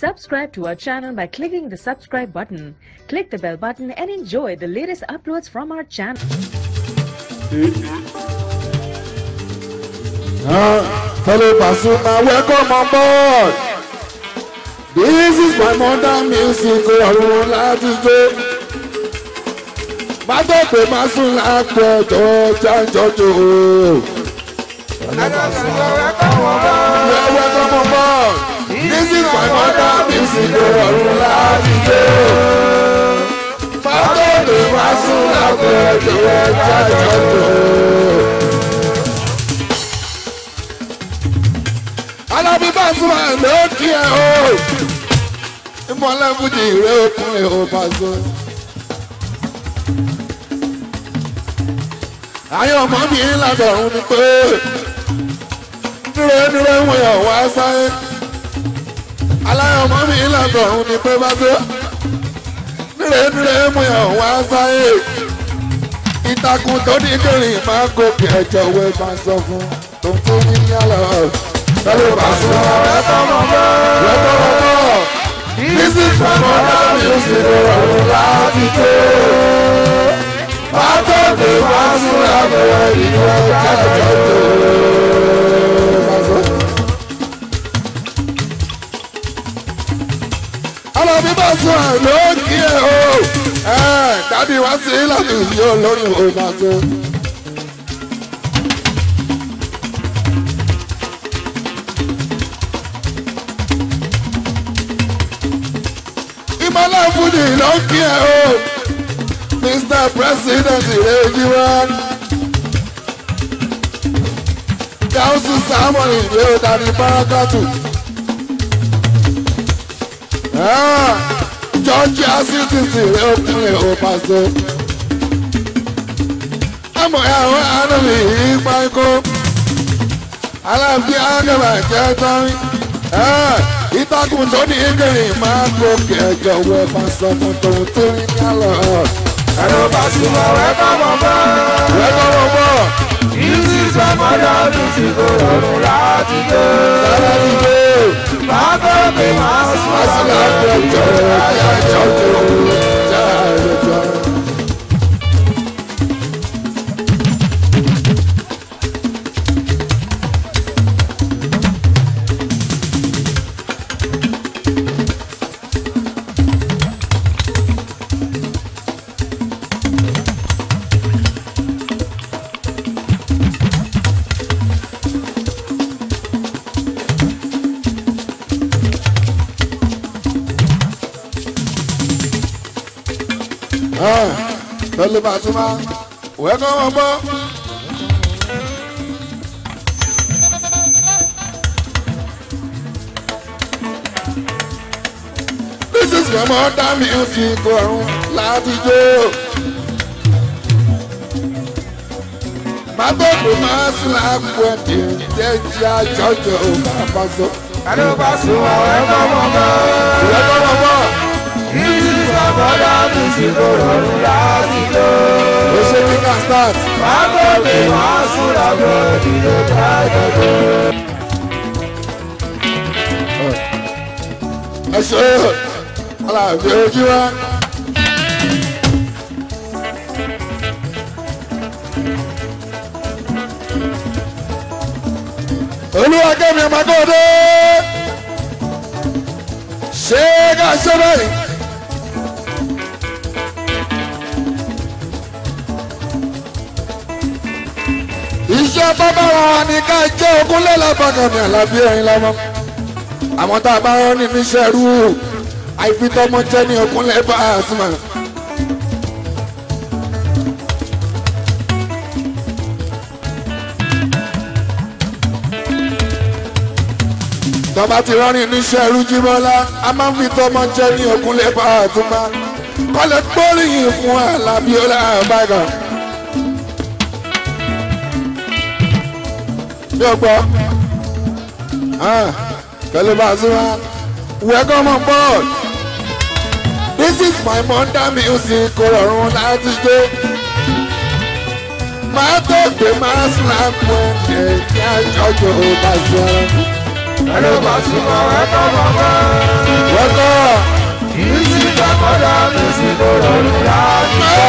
Subscribe to our channel by clicking the subscribe button. Click the bell button and enjoy the latest uploads from our channel. Uh, fellow Pasuma, welcome on board. This is my modern music, I Má tó pè má sún lápẹ̀ tó jájọ́jọ́ o. Adé Pasuma, welcome on board. music my mother music ọ̀run láti dé o. fàtọ́dé wá sún lágbo ẹ̀jọ̀ ẹ̀jọ̀ àjọ̀dọ̀. alábí bá sún àlọ́ kí ẹ o. ìmọ̀lẹ́ fújì ìrẹ́ òkun ẹ̀ ò bá sọ. ayé ọmọ mi ń làbẹ̀rún ni pé dúró dúró ń wẹ̀ ọ̀ wá sáyé aláyọ̀ mọ́ mi ìlànà òun ni pé bá dé nílẹ̀ mú yàn wá sáyé ìtàkùn tó ní kẹrin máa ń gòkè ẹjọ́ wẹ́ máa sọ fún tó ń tó ní ní àlọ́ lọ́lọ́ bá sọ ọ̀rẹ́ tọmọ bọ́ ọ̀rẹ́ tọmọ bọ́ this is my mother music ọ̀rọ̀ láti tó bá tó dé wá sí àbẹ̀wẹ̀ ìwọ̀n kájọ tó. alábí bá sùn ẹ̀ lókè o ẹ̀ dábì wá sí ìlànà ìyó lórí òmàṣẹ. ìmọ̀lá fúnni lókè o Mr. President rẹ̀ yí wá. Gáúsù Sámọ̀nì ìwé ọ̀dàrí Bárákàtù jọ́ọ̀jì asítìsì rẹ̀ ọkùnrin ò pàṣẹ. àmọ̀ àwọn arábì yìí pákó aláàbí ágàbà jẹ́ tán ìtàkùn tó ní ìkẹrì máa gòkè ẹ̀jọ̀ wẹ̀ bá sọ fún tòun tó ní yálọ̀. ẹ̀rọ bá sùn mọ́ wẹ́ẹ́ bá mọ̀ bọ́. wẹ́ẹ́ bá mọ̀ bọ́ sísọ mọ́lọ́dún tí kò rọrùn láti gbé. láti gbé. máa bẹ́ẹ̀ mi máa sún àti ọjọ́ ìrìn àjọ ìjọ. pẹ̀lú Pasuma òwe kọ́ wọn gbọ́. this is your mother music ọ̀run láti jó. Mabọ́dù máa ń sin àpò ẹ̀dẹ̀ jẹ́jẹ́ àjọjọ bàbá sọ. Adé Pasuma ọ̀rẹ́ kọ́ wọn gbọ́. òwe kọ́ wọn gbọ́. this is your mother music ọ̀run láti Você Ó ṣe kí ká start. Bàbá mi máa súra bọ́ọ̀dì ló dájọ́ lọ. Ẹ ṣe bá bá wa ní ká jẹ́ ogún lẹ́làbàgàn ní àlàbí ẹ̀yìn lọ́mọ. àmọ́ tá a bá rán ní níṣẹ́ rú àìfitọ́mọ jẹ́ ní ogún lẹ́bà àsùnmọ̀. tọ́ba ti rán ní níṣẹ́ rú jímọ́lá a máa ń fi jẹ́ ní ogún lẹ́bà àsùnmọ̀. kọ́lẹ̀ gbóríyìn fún àlàbí ọlá àbàgàn. ṣé o gbọ́ ah, pẹ̀lú Pasuma welcome on board this is my mother music kò rọrùn láti jó máa tó gbé máa snap wọn ẹ̀jẹ̀ àjọjọ bá jọ. pẹ̀lú Pasuma welcome on board. welcome. kìí sí ìgbà kọ́dá music kò rọrùn láti jó.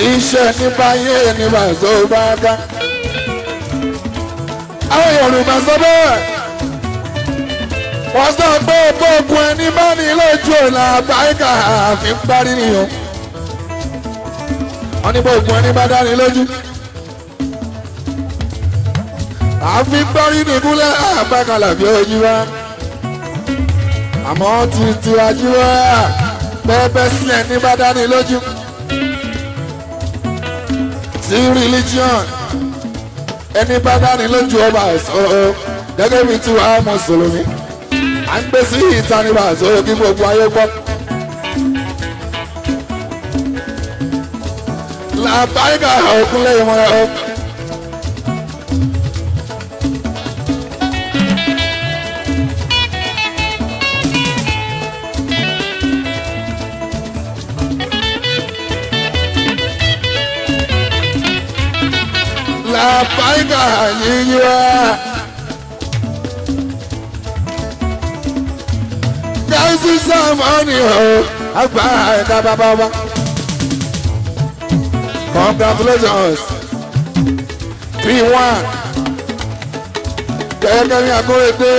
iṣẹ́ níbáyé ní bàzó bá ká. àwọn Yorùbá sọ bẹ́ẹ̀ wọ́n sọ pé bóògùn ẹni bá ní lójú ọ̀la àbáyíká àfi ń parí nìyẹn wọ́n ní bóògùn ẹni bá dání lójú àfi ń parí nìkúlẹ̀ àbákalà bí ojú wa àmọ́ ti tiwa jí wá pẹ́ẹ́pẹ́ sílẹ̀ ní bá dání lójú sí religion ẹni bá dání lójú ọba ẹ̀sọ́ gẹ́gẹ́ bíi tiwa mùsùlùmí à ń gbé sí ìtanibà sórí kí gbogbo ayé gbọ́. làbáyé ká òkúnlé ìmọ̀ ẹ̀ ọ́. labbaika yiyiwa. Gaisi Samani o, àgbà ẹ̀ka bàbá wa. Congratulations, three one. Kẹ̀kẹ́ ní Akóredé,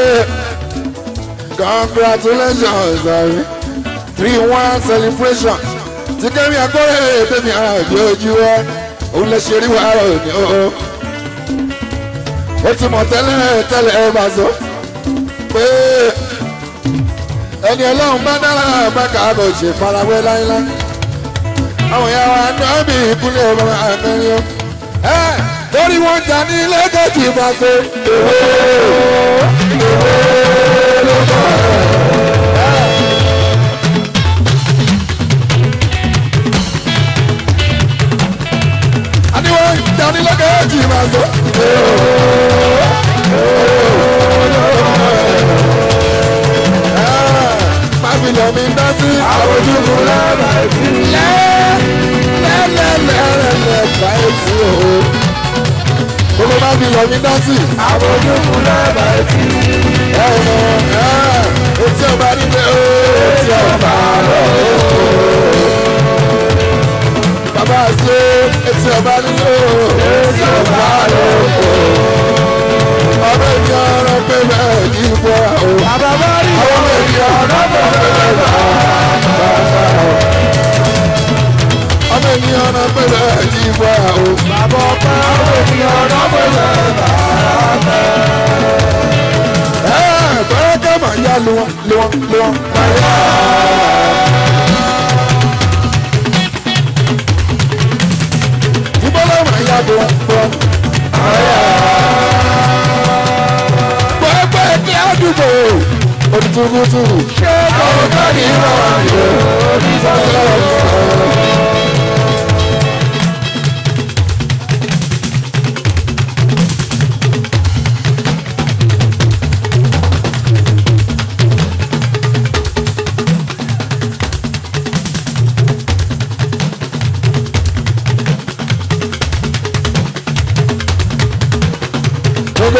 congratulations, three one celebration. Ti kẹ́rin Akóredé mi àjọjú ẹ, òun lè ṣe rí wàhálà òní o. ó ti mọ̀ tẹ́lẹ̀ tẹ́lẹ̀ ẹ máa sọ pé ẹni ọlọ́run bá dára bákà bò ṣe farawé láíláí àwọn ìyá wa ní ọ́bì ìkúlẹ̀ bàbá àmẹ́rin o ẹ torí wọn jà ní lẹ́gẹ̀ẹ́jì bá so. àníwọ̀n jà ní lẹ́gẹ̀ẹ́jì bá so. mi dá sí. àwòjúkú lára ìfì. lẹ́lẹ́lẹ́lẹ́lẹ́ báyìí o. gbogbo bá mi lọ mi dá sí. àwòjúkú lára ìfì. ẹ̀rọ etí ọba nílé o. etí ọba rẹ̀ o bá ṣe etí ọba nílò etí ọba lóko. Bàbá mi ọ̀rọ̀ pé bẹ́ẹ̀ kì í bọ̀ àwọn. Bàbá bá rí àwọn èmi ọ̀rọ̀ pé bẹ́ẹ̀ bá bàbá ọ̀. Ọmọ èmi ọ̀rọ̀ pé bẹ́ẹ̀ kì í bọ̀ Bàbá ọ̀pẹ ọ̀rọ̀ pé bẹ́ẹ̀ bá bàbá. Ẹ̀ẹ́dẹ́gbẹ̀rẹ́ kẹ́ màá yá lé wọn lé wọn lé wọn. Màá yá. dùn pọ̀. Pẹ́pẹ́ kí á dùbò òtútù. Ṣé àwọn náà ní ìrọ̀rùn yóò ní sọ́sọ́ ọ̀sán?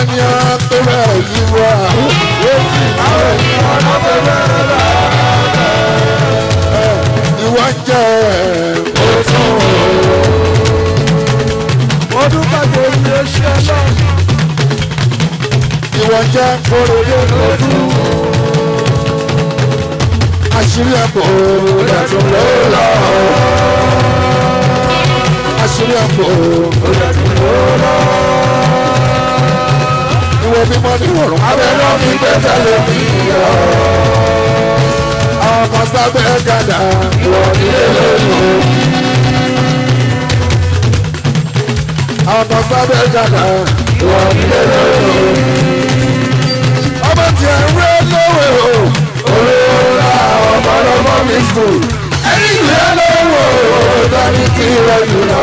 ènìyàn tó bẹ̀rẹ̀ sí wa. Èsì àwọn ènìyàn tó bẹ̀rẹ̀ rà. Ìwọ ń jẹ òtún. Mo dúpẹ́ kò ní oṣù náà. Ìwọ jẹ́ kórèlé lójú. Àṣírí ẹ̀pọ̀ lẹ́tùn àwẹ̀ mímọ́ ní òrùn. àwẹ̀ náà fi gbẹ́sẹ̀ lè fi yọ. ọmọ sábẹ́ gàdá lọ nílé lónìí. ọmọ sábẹ́ gàdá lọ nílé lónìí. ọmọ tiẹ̀ ń rẹ́ lówe o. olóra ọmọ ọmọ mi sùn. ẹni ìlú ẹ lọ́wọ́ ọ̀dọ́ ní tirẹ̀ jùlọ.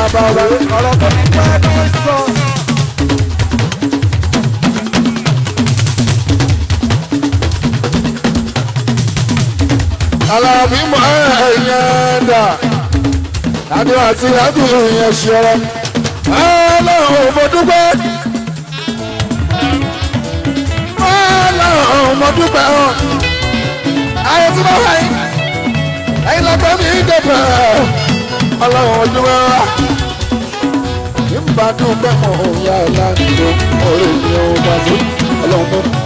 bàbá wa ọ̀rọ̀ kò ní pẹ́ kó sọ. alábí mọ ẹ̀yẹn dà tàbí àti àdúrà yẹn ṣọra ọlọ́run mo dúpẹ́ ọlọ́run mo ọ ayé tí mo wáyé ẹ̀yin lọ́gbọ́n mi dẹ̀bẹ̀ ọlọ́run mo bá dúpẹ́ mọ̀ ọ́ yá ẹ̀ lánàá ọ̀rọ̀ mi sí ọlọ́run.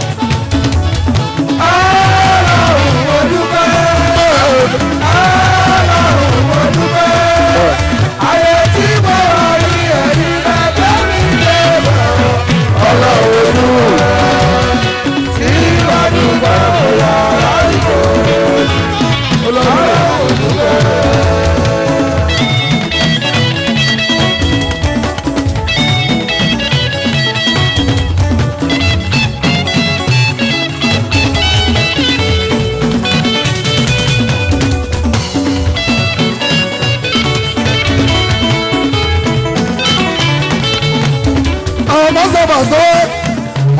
pàṣẹ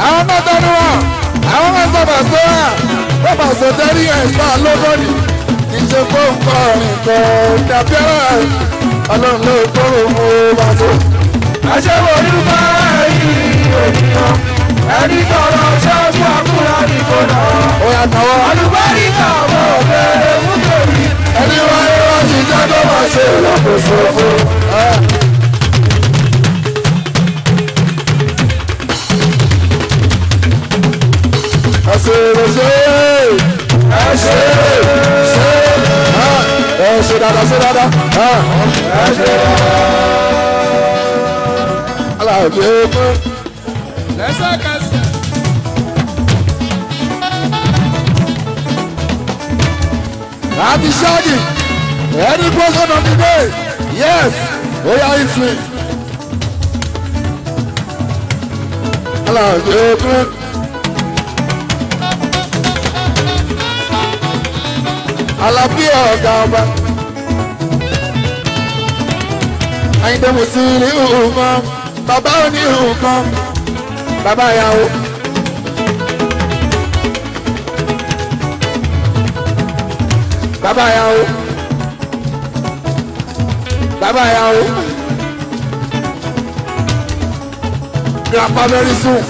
àwọn náà tẹnu wà àwọn máa ń sọ pàṣẹ wà ó pàṣẹ tẹ́lí ẹ̀ṣọ́ lọ́gọ́rì kì í ṣe kó nǹkan ọ̀rìn kò dàbí ọ̀rọ̀ ọlọ́run ló kóró mú pàṣẹ. àṣẹwò inú bá yìí ènìyàn ẹni tọrọ ṣáájú àkúrà ní kò náà. ó yà tọwọ́. àlùbáríkà mọ̀ bẹ́ẹ̀ mú tòrí. ẹni wáyé wá ti jẹ́ kó máa ṣe ìlàkóso fún. ṣeré ṣe ẹ ṣe ṣe ẹ ṣe dada ṣe dada ẹ ṣe aláàbí mú. lẹ́sẹ̀kẹsẹ̀. àti ṣáàdì ẹni gbọ́sọ̀nà mi dé yes ó yá ìsìn. aláàbí mú. Àlàbí ọ̀gá ọba. Àyìndé Mùsùlùmí nǹkan, bàbá òní nǹkan, bàbá ìyàwó. Bàbá ìyàwó. Bàbá ìyàwó. Grandpa very soon.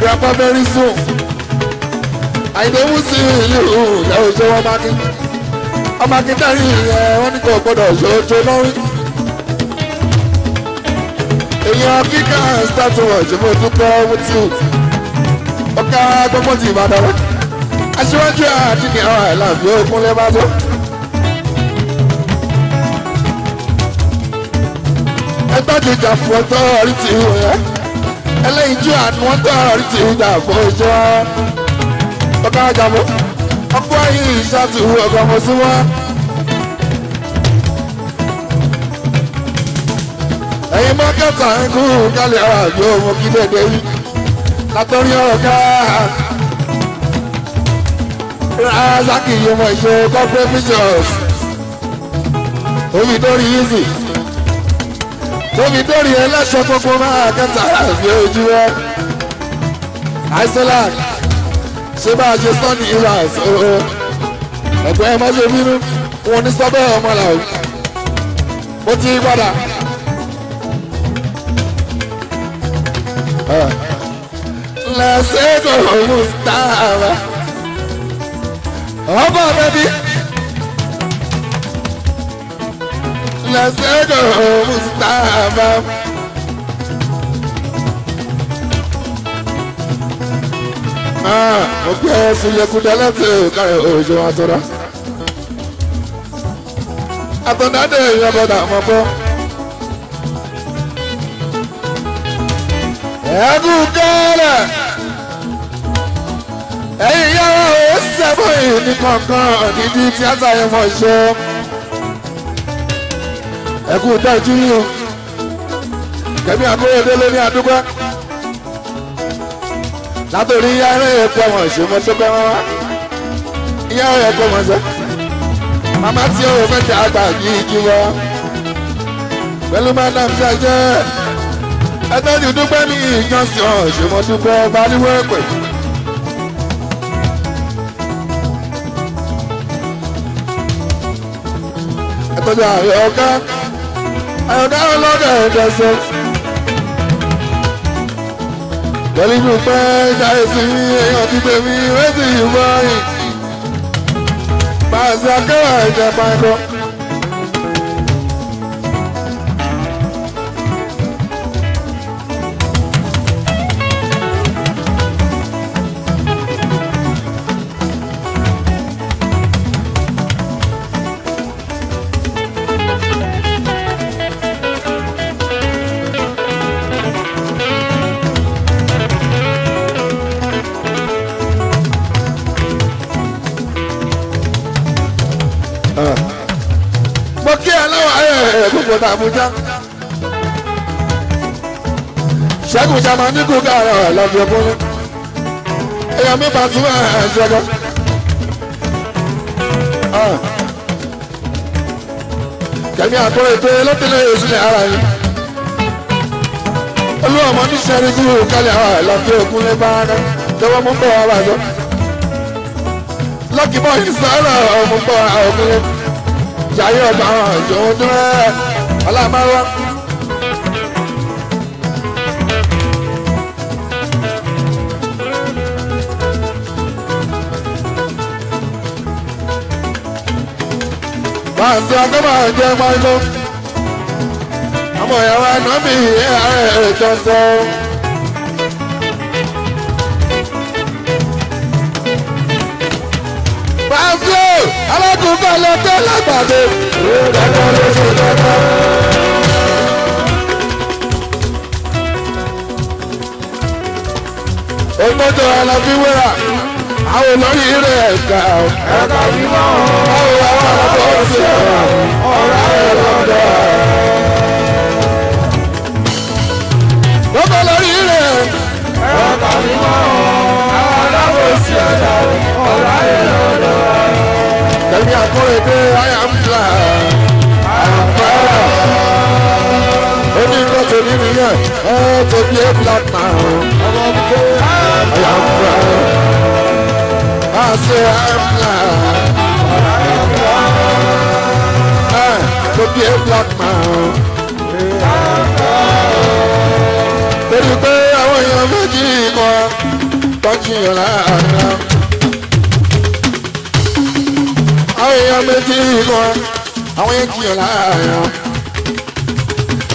Grandpa very soon àìdéhù sí ìlú ìyàwó ṣé wọ́n máa kí ọmọ akíntẹ́rì ẹ̀ wọ́n ní kò gbọ́dọ̀ ṣoṣo lórí. èèyàn kíkà start watch mo dúpẹ́ wútú ọ̀ká gbọ́gbọ́n ti ìbàdàn rẹ̀ aṣíwájú àdínní àwọn àìlàbí òkúnlé bá tó. ẹgbẹ́jọjà fún ọtọ́ ọ̀rí tì í wọ̀ yẹn ẹlẹ́yinjú àánú ọtọ́ ọ̀rí tì í jà fún ọjọ́ ọ̀gá àjàmọ́ ọgbọ́ yìí ìṣàtì wù ọ̀gá ọmọ sí wá. ẹ̀yin mọ́kẹ́tà ń kú kálí ara àjọ ọmọ kí lẹ́dẹ̀ yìí látọ́rí ọ̀gá. Razaki yìí mọ̀ ìṣe corporate pictures omi dórí easy omi dórí ẹlẹ́sọ̀ gbogbo máa kẹta àbí ojú ẹ Iceland ṣé bá a ṣe sọ́ọ̀nì ìwà ẹ̀sọ́ ẹ̀gbọ́n ẹ má ṣe bínú wọn ní sọ́bẹ̀ ọmọ là ó ó ti padà. lẹ́sẹ̀kọ̀ mustapha ọba bẹ́bí. lẹ́sẹ̀kọ̀ mustapha. mo gbé fúyẹkúdẹ lẹ́tẹ̀ kárẹ̀ òjò àtọ́ra. àtọ̀dádé èèyàn bọ̀dà mọ̀ bọ́. ẹ̀ẹ́dù kẹ́rẹ̀ ẹ̀yìn yàrá ò sẹ́fọ̀ yìí ní kankan níbi tíátà yẹn mọ̀ ṣe. ẹ̀kú tẹ́jú yìí kẹ́mi àkóyèdélé ní àdúgbò látòrí yára ẹ̀kọ́ wọn ṣe mo tó bẹ́ẹ̀ wá yára ẹ̀kọ́ wọn ṣe màmá tí ó fẹ́ tẹ àgbà yìí jí wọn pẹ̀lú madam ṣàjẹ́ ẹgbẹ́ ti dúpẹ́ ní ìjọsìn ọ̀ṣẹ́ mo dúpẹ́ balùwẹ̀ pẹ̀. ẹ̀tọ́jú ààrẹ ọ̀gá ààrẹ ọ̀gá ọlọ́dẹ̀ ẹ̀dẹ̀sẹ̀. pẹ̀lú ìdúpẹ́ ṣàyẹ̀sí èèyàn ti gbèmí rẹ́sì ìmọ̀ yìí pàṣẹ akẹ́wà ẹ̀jẹ̀ pàǹkọ́. Road Abuja. Ṣẹ́gun Ṣàmà ní kúkà rẹ̀ lọ́dún ẹ̀kúnlẹ̀. Èèyàn mi bá tún ẹ̀ ṣẹ́gun. Ah. Kẹ̀mí àtọ́rọ̀ ètò ẹlọ́tẹ̀lẹ̀ èsì ní ara yìí. Olúwa ọmọ ní sẹ́rí kúrò kálí àwọn àìlọ́dún ẹ̀kúnlẹ̀ bá rẹ̀ tẹ́wọ́ mú bọ̀ wá bàjọ́. Lọ́kì bọ́ọ̀lù sọ̀rọ̀ ọmọ bọ̀ ọkùnrin. Jàyé ọba ọ̀jọ̀ ọdún rẹ̀ ọlámọwá. Bàtí agbọ́bà jẹ́ máa ń lọ. Ọmọ ìyàwó àná mi ìyá rẹ̀ jọ sọ. ogun balẹ̀ tẹ́lẹ̀ gbàgbé. dandan ló ṣe dandan. ògbójò aláfiwéra àwọn olórí rẹ̀ ẹ̀ka ẹ̀ka wíwọ́ àwọn àwọn àbọ̀ọ̀sẹ̀ ọ̀rá ẹ̀ lọ́dọ̀. lọ́kọ̀ lórí rẹ̀ ẹ̀ka wíwọ́ àwọn alábòsí ọ̀dà ọ̀rá ẹ̀ lọ́dọ̀. I I am am glad. glad. Only Akorede Ayambla Ampara. Ó ní nǹkan tèmi nìyẹn, ẹ tèmi ẹ bla mà ọmọ gbogbo glad. Àṣẹ Ayambla. Ẹ tèmi ẹ bla mà torí pé àwọn èèyàn méjì kan tọ́jú you, àná. àwọn èèyàn méjì wọn àwọn yẹn kìyàn láàárọ̀.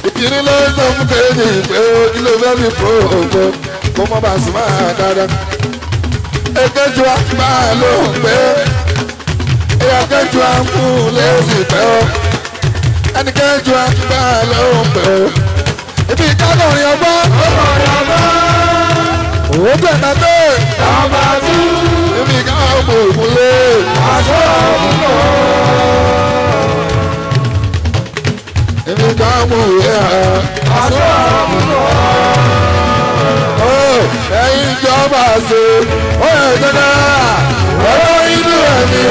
ìkíní ló ń sọ fún kejì pé kí ló fẹ́ fi pro ògbó kó mọ́ bá sì máa dáadáa. èkejì wa máa lò ó pé ẹ̀yà kejì wa ń kú lẹ́sìn pẹ́ ọ́ ẹnì kejì wa máa lò ó pé ọ́ ibi ìkákọ̀ òyìnbó. ó bẹ̀rẹ̀ náà dé. tàbátú èmi ká mọ̀ òkúlé. àṣọ òkúlò. èmi ká mọ̀ òwe ẹ̀. àṣọ òkúlò. ẹ̀yin ìjọba ṣe ó yẹ kẹ́kẹ́ ọ̀rọ̀ inú ẹ̀mí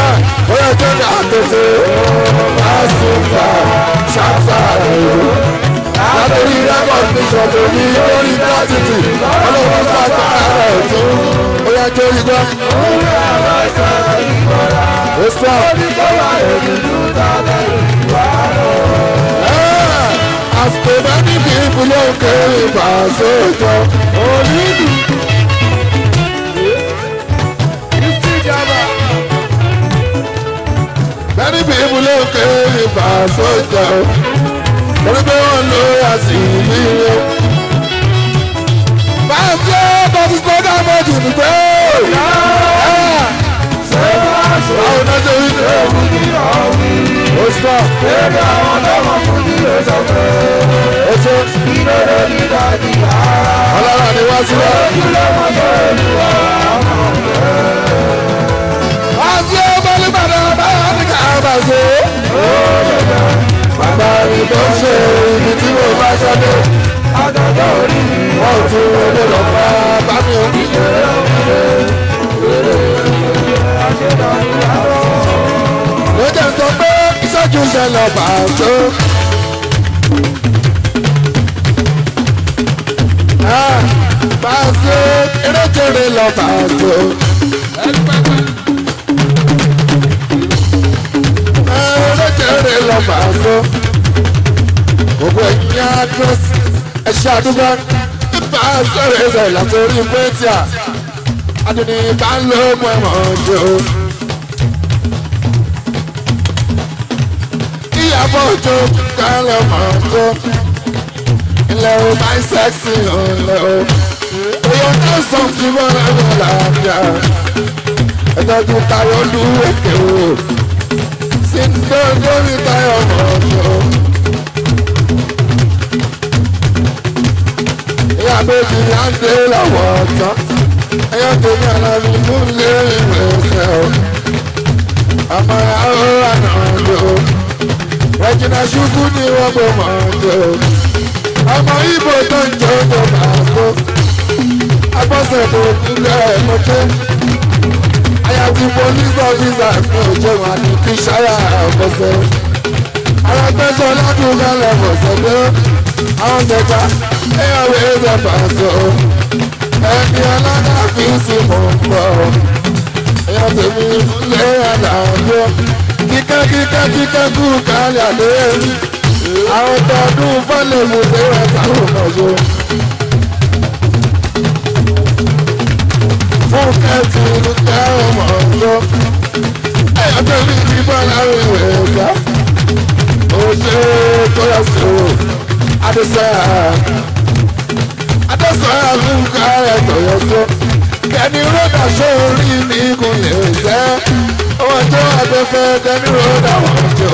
ah, ó yẹ kẹ́kẹ́ àtẹ̀sẹ̀ àṣùkà ṣàṣàrò látòrí record vision tó ní lórí gratity ọlọ́run sábà rẹ̀ tó ó yá jó igbá. ó sọ. àsìkò bá ní kí ìpínlẹ̀ òkè ìbàṣẹ ìtọ́ onídùú. Many people look at me, but so down orúkọ ló wá sí mi rẹ. pàṣẹ bàbá sọ́dọ̀ àmọ́jù ah. ni pé. Àwọn ọ̀nàjọ́ yìí lè mú ní ọ̀hún. Ó sọ. Bébí àwọn ọlọ́mọ fún ní lè sọ pé. Ó sọ. Ìbéèrè ní dájú wá. Ọlọ́run ni wá sí wa. Ojú lọ́mọ tó lù wá àwọn ọ̀rẹ́. Àti ọmọ nígbàdàn báyọ̀ ní ká bá ṣe. Ó lè dá àrùn tó ń ṣe ibi tí mo bá ṣọdẹ. Àgàgà orí mi wọ́n tún wọlé lọ bá bá mi ò kí lè rẹ̀ wẹ̀rẹ̀ ló jẹ́ sọ pé ìṣẹ́jú ṣẹlẹ̀ bàtó. Bàtó erékeré lọ bàtó. Erékeré lọ bàtó gbogbo ẹ̀yin àdírẹ́sì ẹ̀ṣẹ́ àdúgbò nípa sọ̀rọ̀ ẹ̀sẹ̀ látòrí pẹ́ẹ́tìà adùnní bá ń lo ọmọ ẹ̀mọ́ ọjọ́. ìyàbọ̀ ọjọ́ kan lọ mọ̀ ọjọ́ ilẹ̀ o máa ń sẹ́ẹ̀sì ọ̀lẹ́ o oyè ọjọ́ sàn ti mọ́ ẹ̀rọ làbíà ẹ̀jọ̀ tó tayọ̀ lù wẹ̀kẹ̀ o sí ní ọjọ́ mi tayọ̀ mọ̀ ọjọ́. abéjì á ń dé lọ́wọ́ ọ̀tán ẹyọ́ tèmi àlàbí mú lé ìwé ẹsẹ̀ o àmọ́ra ó àná lò ó rẹ̀jìnà ṣubú ni wọ́n kò mọ̀ ọ́n jẹ́ o ọmọ ibo tó ń jẹ́ oúnjẹ máa kó agbọ́sẹ̀ kò nílẹ̀ ẹ̀mọ́tẹ́ aya ti police officer ní òjò wọn ni kí ṣáyà ọ̀bọ̀sẹ̀ alágbèsọ ládùúgbò lẹ́fọ̀ọ́sẹ̀ pé àwọn gbẹ̀ta ẹ always a pass o ẹni ọlọ́dà fi sí mò ń bọ̀ o ẹyọ tèmi lé àlàyé kíkẹ́ kíkẹ́ kíkẹ́ kú kálẹ̀ àlẹ́ àwọn tọdún fọlẹ̀ mú sí ẹ̀ta òun ọ̀ṣọ́. fúnkẹ́ ti kẹ́ ọmọ ọ̀ṣọ́ ẹyọ tèmi ti bọ́ láwọn ìwé ẹ̀ta ó ṣe é tó yẹ sí o adisa sọ̀rọ̀ mi ń ká ẹ̀tọ́ yẹn tó. kẹ́ni rọ́dà sórí mi kò lè fẹ́. ọmọ tó kẹ́ni rọ́dà wọ́n tó.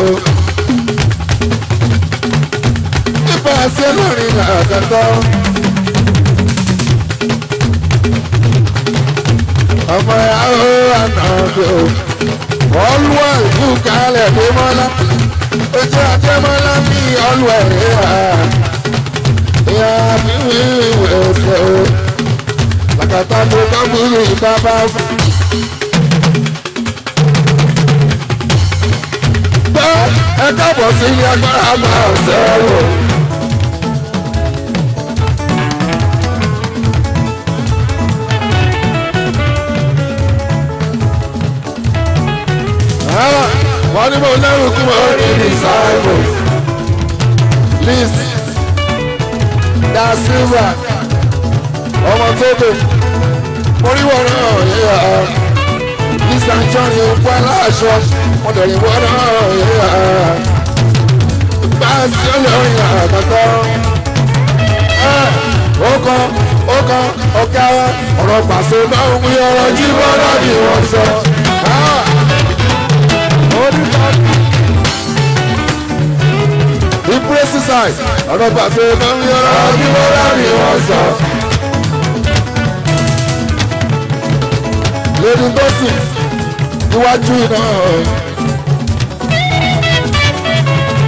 nípa sẹ́lẹ̀rìn àkàtọ́. ọmọ ìyàwó àná tó. ọlúwa ìfúkàlẹ̀ dé mọ́lá. ojú àtẹ́mọ́lá mi ọlúwa ẹ̀rẹ́ àá ìyá mi rí ìwé ẹsẹ̀ o làkàtà mo bá mú rí bàbá fún. bá ẹ káàbọ̀ sí ní agbára máa sẹ́wọ̀n. wọ́n ní mo lẹ́rù kú mọ́ ní ní sáìmù. please da silva ọmọ tóbi oríwọ̀ náà yíyá mr john ìwọ́pá aláṣọ ọ̀dọ̀rìnwó náà yíyá báàsì olórin àgbàgbọ́ eh, ó kàn ó kàn ọ̀gá ọ̀rọ̀ pàṣẹ máa ń wí ọ̀rọ̀ jíbọ́ náà ni wọ́n sọ. Ah. ó ní ká ìpúrẹ́sì sáì ọ̀rọ̀ pàṣẹ lórí ọ̀rọ̀ ìwọ láàrin wọn sọ. lady gossip níwájú iná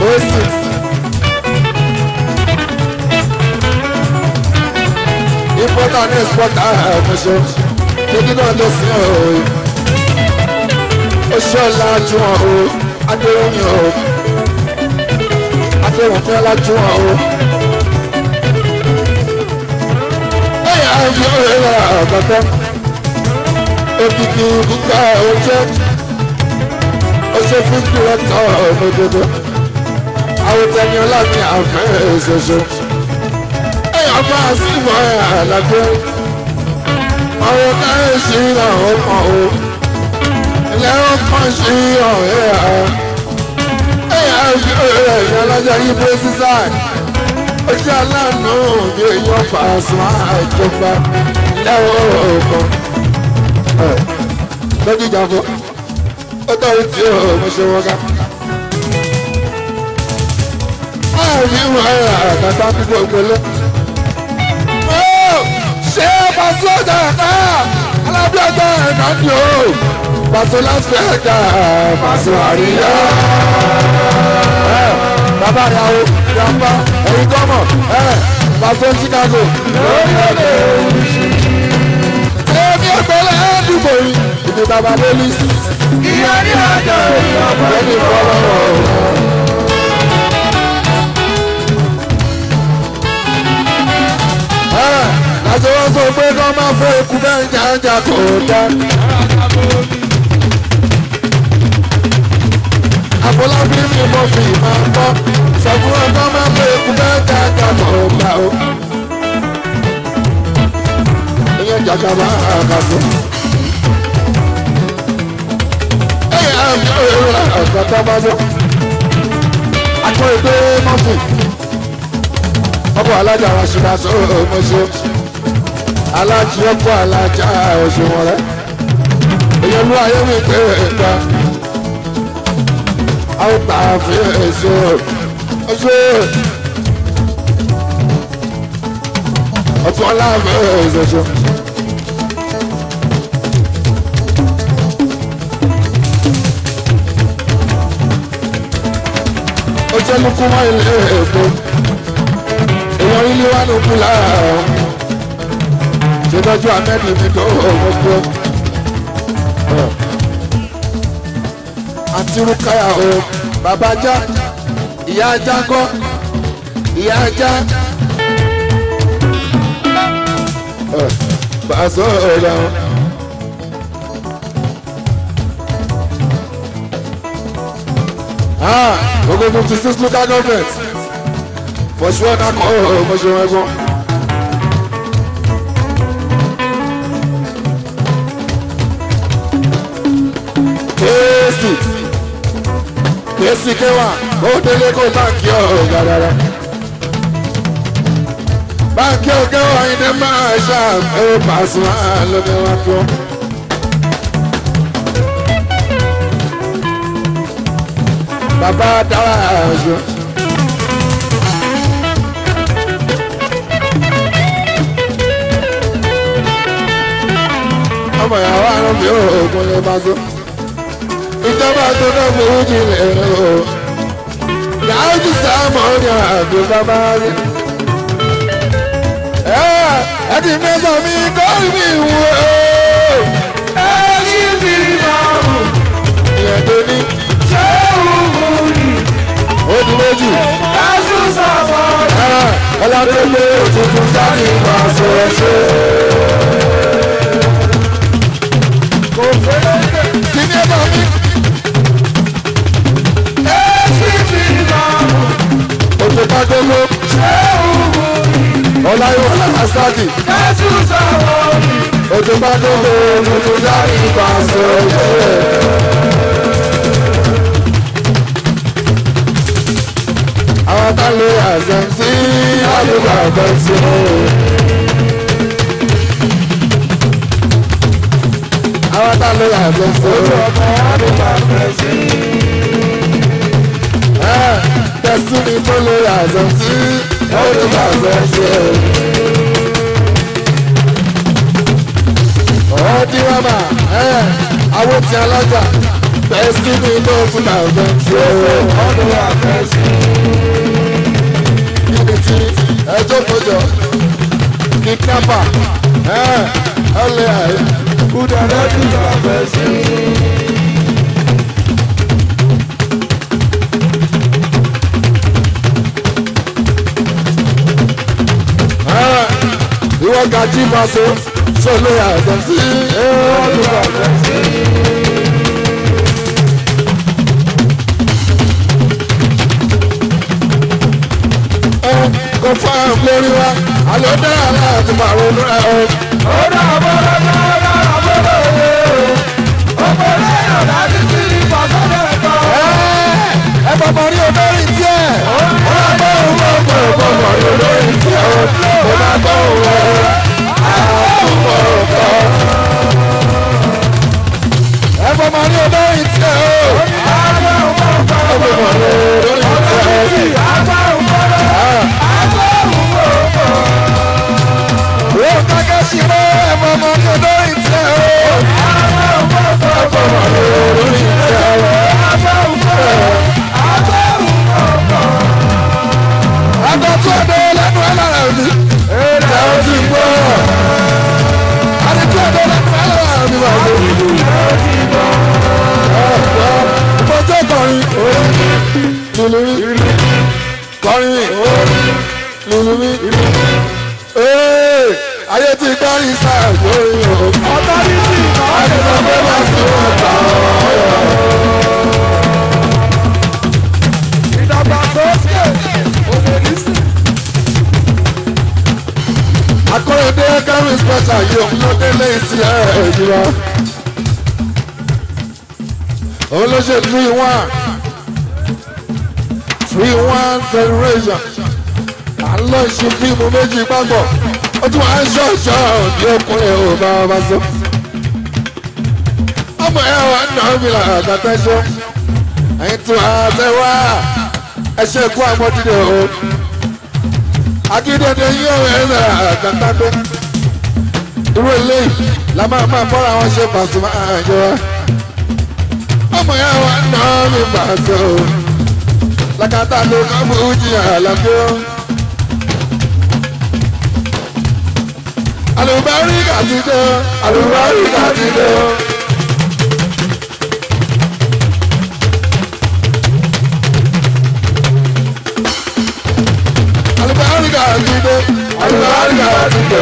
oasis. importer and exporter ọmọṣẹ́ lady náà ló sí ọ̀hún. ó ṣọ́ọ̀lá ju ọ̀hún adéhùn ọ̀hún àfihàn fún ọlájú wọn o. ẹ̀yà àfi ọ̀rẹ́ rà àgbàtọ́ òkìkì gbígbà ọjọ́ ọjọ́ fún dírẹ́tọ̀ ọ̀nàdọ́dọ́ àwòtẹ́ni ọlámi àfẹ́ ṣoṣo. ẹ̀yà máa sí ìmọ̀ ẹ̀ àlàgbé ọ̀rọ̀ káyọ̀ sí ìlànà ọmọ o ilẹ̀ ọkọ̀ sí ọ̀rẹ́ rà òye alájà yìí bó sísá ó jẹ́ aláàánú òye yọ Pasuma àjọba lẹ́wọ̀ ọ̀kan. lójú ìjà fún ó tọ́wé tí ó mo ṣe wọ́n ká. láàrin ìwọ̀n ẹ̀rọ àkàtà gbogbo ìpele. ṣé Pasuma ọjà ẹ̀ka alábíọ́tà ẹ̀ka ni ó. Paso las fiestas, paso àríyá. Eh, bàbá ìyàwó ìyàpá ẹ̀yin gọ́mọ̀ eh, paso Chicago. Lórílẹ̀ Eh Ẹbí ọ̀pẹ̀lẹ̀ dìbò yìí, ìdí bàbá Bélí. Ìyá ní àjọ ìyàpá ẹni fọlọ́rọ̀. Eh, Àjọwọ́sọ pé kọ́ máa fọ ikú bẹ́ẹ̀ àfọlábí ni mo fi máa ń bọ́ sọ fún ọgbọ́n máa ń lo ikú bẹ́ẹ̀ jáka mọ̀ ọ́ gbà ó. ìyẹn jàkà máa ń kà fún. ẹ̀yà àmì òwúrọ̀ ọ̀gá tó bá bọ́. àtọ́ ìgbé mọ́fì. ọkọ̀ alájà wa ṣe bá sọ ọmọ ṣe. alájì ọkọ̀ alájà òṣùwọ̀n rẹ̀. èèyàn ló ayé mi pé ẹ̀ka àìpà fi èso èso ọtún aláàfẹ èso. ó jẹ́ lókun wá ilé èkó èèyàn ilé wa ló kú láàárọ̀ ṣètọ́jú mi tó ọmọ kú. ti Rukaya o bàbá ajá ìyá ajá kọ́ ìyá ajá. Bàzọ́ ọ̀la. Ah, Ogun fifty six local government. For sure na kọ́ ọ̀rọ̀ ọmọ ṣe wọn ẹ̀gbọ́n. Kewa, Jésì kéwà ó délé kó báńkì ọ̀rọ̀ gàdàrà. Báńkì ọ̀gẹ́wà iná máa ṣàpè Pasuma lọ́mẹ́wàá tó. Bàbá dára àjọ. Ọmọ ìyàwó àrùn mi ò gúnlé bá tó bàbá tó náà forí jìnlẹ̀ rẹ̀ o. Yàrá ti sàmọ́ ní àgbè bàbá rẹ̀. Ẹ ti mẹ́sàn Adéwó. Ọláyọ̀ Ọlọ́másádì. Jésù sọ̀rọ̀ mi. Òjò bá dógó tuntun jáde ìpàṣẹ òjò. Àwọn tá lè àṣẹ sí àlùkò àgbẹ̀sí o. àwọn tá ló yà lọ sí. ojú ọmọ yàrá ló máa fẹ́ sí ẹ̀sùn e, ni mo lè rà All the ó lè bá fẹ́ ṣe. ọdí mama awo ti alága ẹ̀sùn e, ni mo tún bá fẹ́ ṣe. ó lè bá fẹ́ ṣe. níbi tí ẹjọ́ kọjọ kidnappa ẹ ẹ lè àyè kúdà lẹ́dùn bá fẹ́ ṣe. ìwọ ga jí máa so sọlẹ àgbẹ̀ sí ọlùkọ àgbẹ̀ sí. kò fà á lórí wa àlọ́ dára láti máa ronú ẹ̀ o. ó dà bọ́ lọ́dọ̀ lọ́dọ̀ bọ́ lọ́dọ̀ ọ̀pọ̀ lẹ́yìn ọ̀dà ti ti ìfọ̀sọ́dọ̀ ẹ̀kọ́. ẹ bàbá rí o bẹ́ẹ̀ rí mọ̀ lórí tí ó mo máa gbọ́ òun àbúrò ọ̀tọ̀. ẹ fọ́ máa ní olórí tí ó mo mọ̀ lórí tí Wọ́n kákẹ́ sí Lulu, lulumi kọrin lulumi ayé ti kọrin sáà lórí o. ọ̀tá ní ti ìkọ́ àti sọ́gbẹ́ máa sọ ọ̀tá ọ̀yọ́. ìdàgbàsókè òde nísì. akọ́rẹ́dé kẹrin special yóò ló délé sí ẹ̀ ẹ̀yìn wa. olóṣèlú ìwọ̀n federation à ń lọ ṣe fíìmù méjì papọ̀ ó tún wá ń ṣọ̀ṣọ́ òní ọkùnrin ò bá wa sọ. ọmọ ẹ wà ń náà mi là àtàtà ṣọ ẹ̀yin tún wá fẹ́ wá ẹṣẹ́ ikú àmọ́dúnrún o. akíndéde yóò rẹ̀ ẹ̀ àtàtà tó. irú eléyìí la máa máa bọ́ra wọn ṣe pàṣẹ máa jọ wá. ọmọ ẹ wà ń náà mi pàṣẹ o lakata ló ká mú jìyà àlàfo. àlùbárí kàti dé àlùbárí kàti dé. àlùbárí kàti dé àlùbárí kàti dé.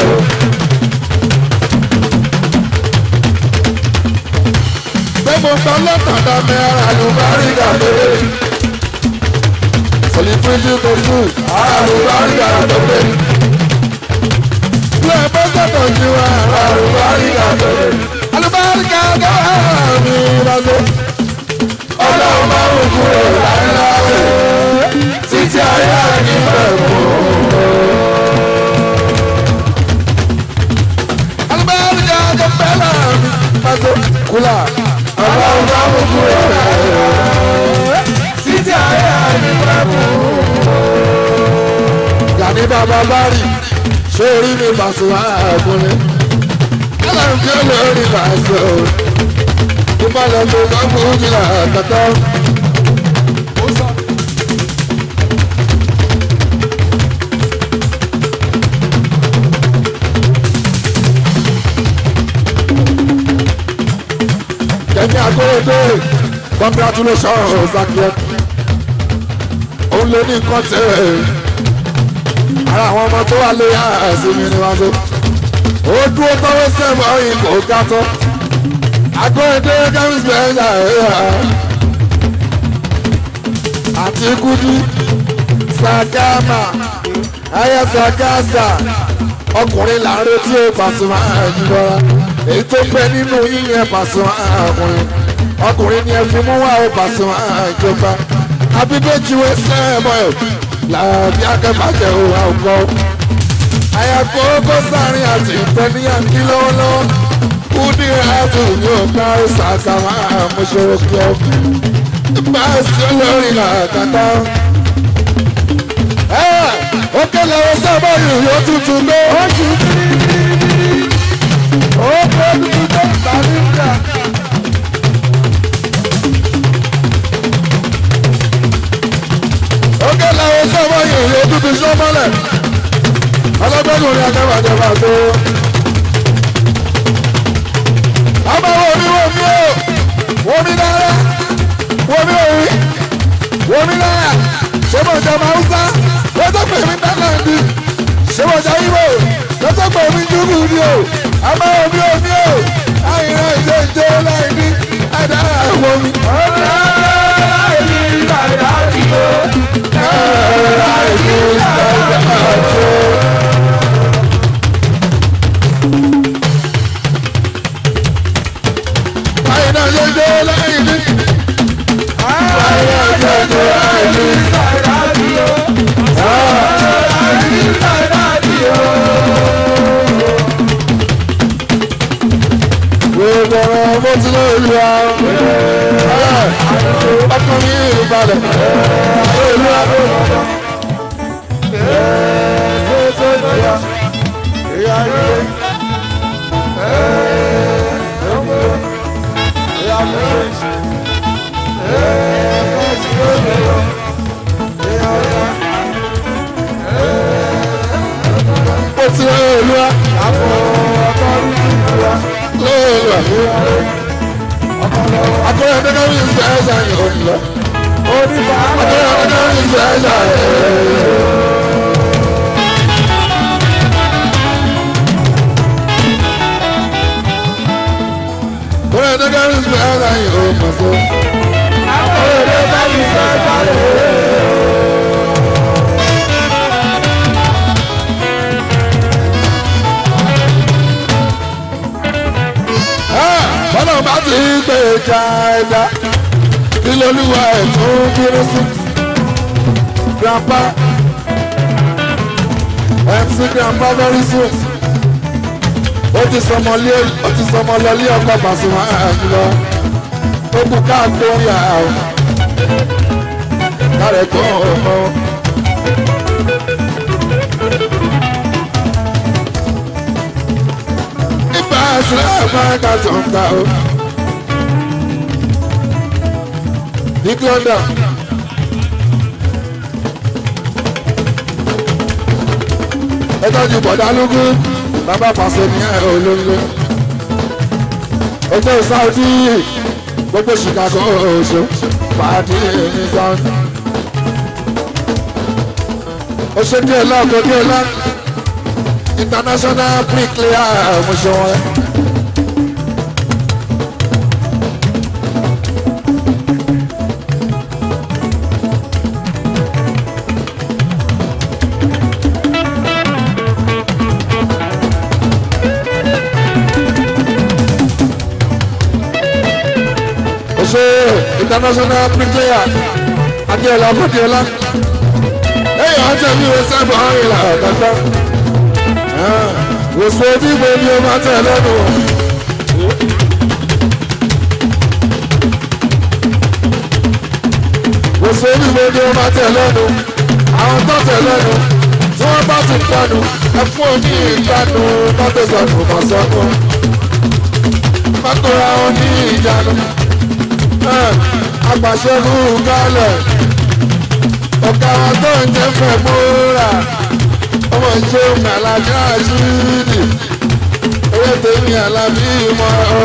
mo sọ lọ́tàdá mẹ́ra àlùbáríkà lórí pẹ̀lú pírísì pẹ̀lú àrùbá ìgbà tó pé. Ilé ẹ̀fọ́ sọ̀tọ̀ sí wa àrùbá ìgbà tó pé. Alùbáríkà gẹ́gẹ́ mi lọ́sẹ̀. Ọlọ́run máa ń kú ẹ̀ láéláé. Títí ayé àti ìfẹ́ kú. Alùbáríkà gẹ́gẹ́ mi lọ́sẹ̀. Kúlà. Ọlọ́run máa ń kú ẹ̀ láéláé. ní bàbá bárì sórí ní Pasuma àkúnlẹ̀ aláǹkì olórí Pasuma o kó má lọ tó lọ́kùn jìnnà tọ́tọ́. Kẹ́mi Akérèdé congratulations Zakiya òun ló ní nǹkan àwọn ọmọ tó wà lóyà ẹ̀sìn mi ni wọ́n tó. ó dúró tọ́wọ́ sẹ́mu ọ̀yìn kò ká tọ́. agbóhùndé kẹ́mísì bẹ́ẹ̀ yà ẹ̀yà. àti kúdú sàkámà ayé sàkáàsà ọkùnrin là ń retí ó Pasuma ẹ̀jìnbọ̀ra èyí tó pẹ́ nínú yíyan Pasuma ọkùnrin ọkùnrin ni ẹ fi mú wá ó Pasuma ìjọba abídéjìwé sẹ́ẹ̀mọ́ ẹ̀ làbí akẹ́bàjẹ́ ò wá ọkọ. àyàkó kó sáárín àti ìtẹ́níyàn kí lọ́wọ́lọ́wọ́ kú ní ààtò ní ọ̀gá ìsàkà máa mú ṣòro kí ọ. bá a sì olórí làkàtà. ó kélé o sábà yìí ó tutù gbé. ó tutù ní bíríbírí ó kó tutù tó tà ní ìjà. ọlọ́gbẹ́kùnrin ojú ti sọ mọ́lẹ̀ ọlọ́gbẹ́kùnrin àtẹ̀wàtẹ̀wà tó. àbáwọ̀ oníwọ̀ mi ò wọ́n mi dára wọ́n mi ò rí wọ́n mi dára ṣé mo jẹ́ máa ń sá lọ́jọ́ pé mi dáná ni ṣé mo jẹ́ ibo lọ́jọ́ pé mi dúró ni o àbáwọ̀ mi ò mi ò àìrán ìṣe láì ní àdára àwọn mi. ọ̀rẹ́ láì ní ìgbàlá ti lọ. Finally, the lady. I am the lady. ọ̀gọ̀rọ̀ mo ti lé olúwa ọkàn mi ìbàdàn olúwa ìyá ilé ìyá ilé. ti olúwa. àpò ọkọ ní ìlú wa lọ. Akọ̀rọ̀ ẹ̀dẹ́gbẹ́ mi ń bẹ̀rẹ̀ sàn yóò lọ. Onífà akọ̀rọ̀ ẹ̀dẹ́gbẹ́ mi ń bẹ̀rẹ̀ sàn yóò lọ. Ọ̀rẹ́ ẹ̀dẹ́gbẹ́ mi ń bẹ̀rẹ̀ sàn yóò lọ. Akọ̀rọ̀ ẹ̀dẹ́gbẹ́ mi ń bẹ̀rẹ̀ sàn yóò lọ. ti gbèjà ẹ̀dá kí lolúwa ẹ̀ tún bínú sí. grandpa mc grandpa very soon ó ti sọmọ lé ó ti sọmọ lọ lé ọkọ Pasuma lọ ó kú káàkó ńlá ọ kárẹ̀ kó ọmọ. Ibà sílẹ̀ máa ń ka tó ń ta o. big london. ẹ tọ́jú bọ̀dá lógún bàbá pàṣẹ ní ẹ̀rọ olóńgbé. ọjọ́ saudi gbogbo chicago ọ̀ṣọ́ pàdé ní saudi. ó ṣe díẹ̀ lọ́kọ̀ díẹ̀ lọ́kọ̀ international bricklayer mo ṣe wọn. international player Adéọlá Fọdéọlá ẹ̀yọ̀ ọjọ́ mi ò sábà ọ̀rìn là ọ̀dọ́dọ́ òṣù onígbò ni ó máa tẹ̀ lẹ́nu. òṣù onígbò ni I want tẹ̀ lẹ́nu àwọn tó tẹ̀ lẹ́nu tí wọ́n bá ti panu ẹ fún òní ìjánu mọ́tò sọ̀tún mọ́ sọ́kùn mọ́tò ra òní ìjánu agbàṣẹ́gun gálẹ̀ ọ̀gá wa tó ń jẹ́ fẹ́ bóra ọmọ ìṣe omi àlàjá ṣíìdì owó tèmi àlàbí mọ́ ọ.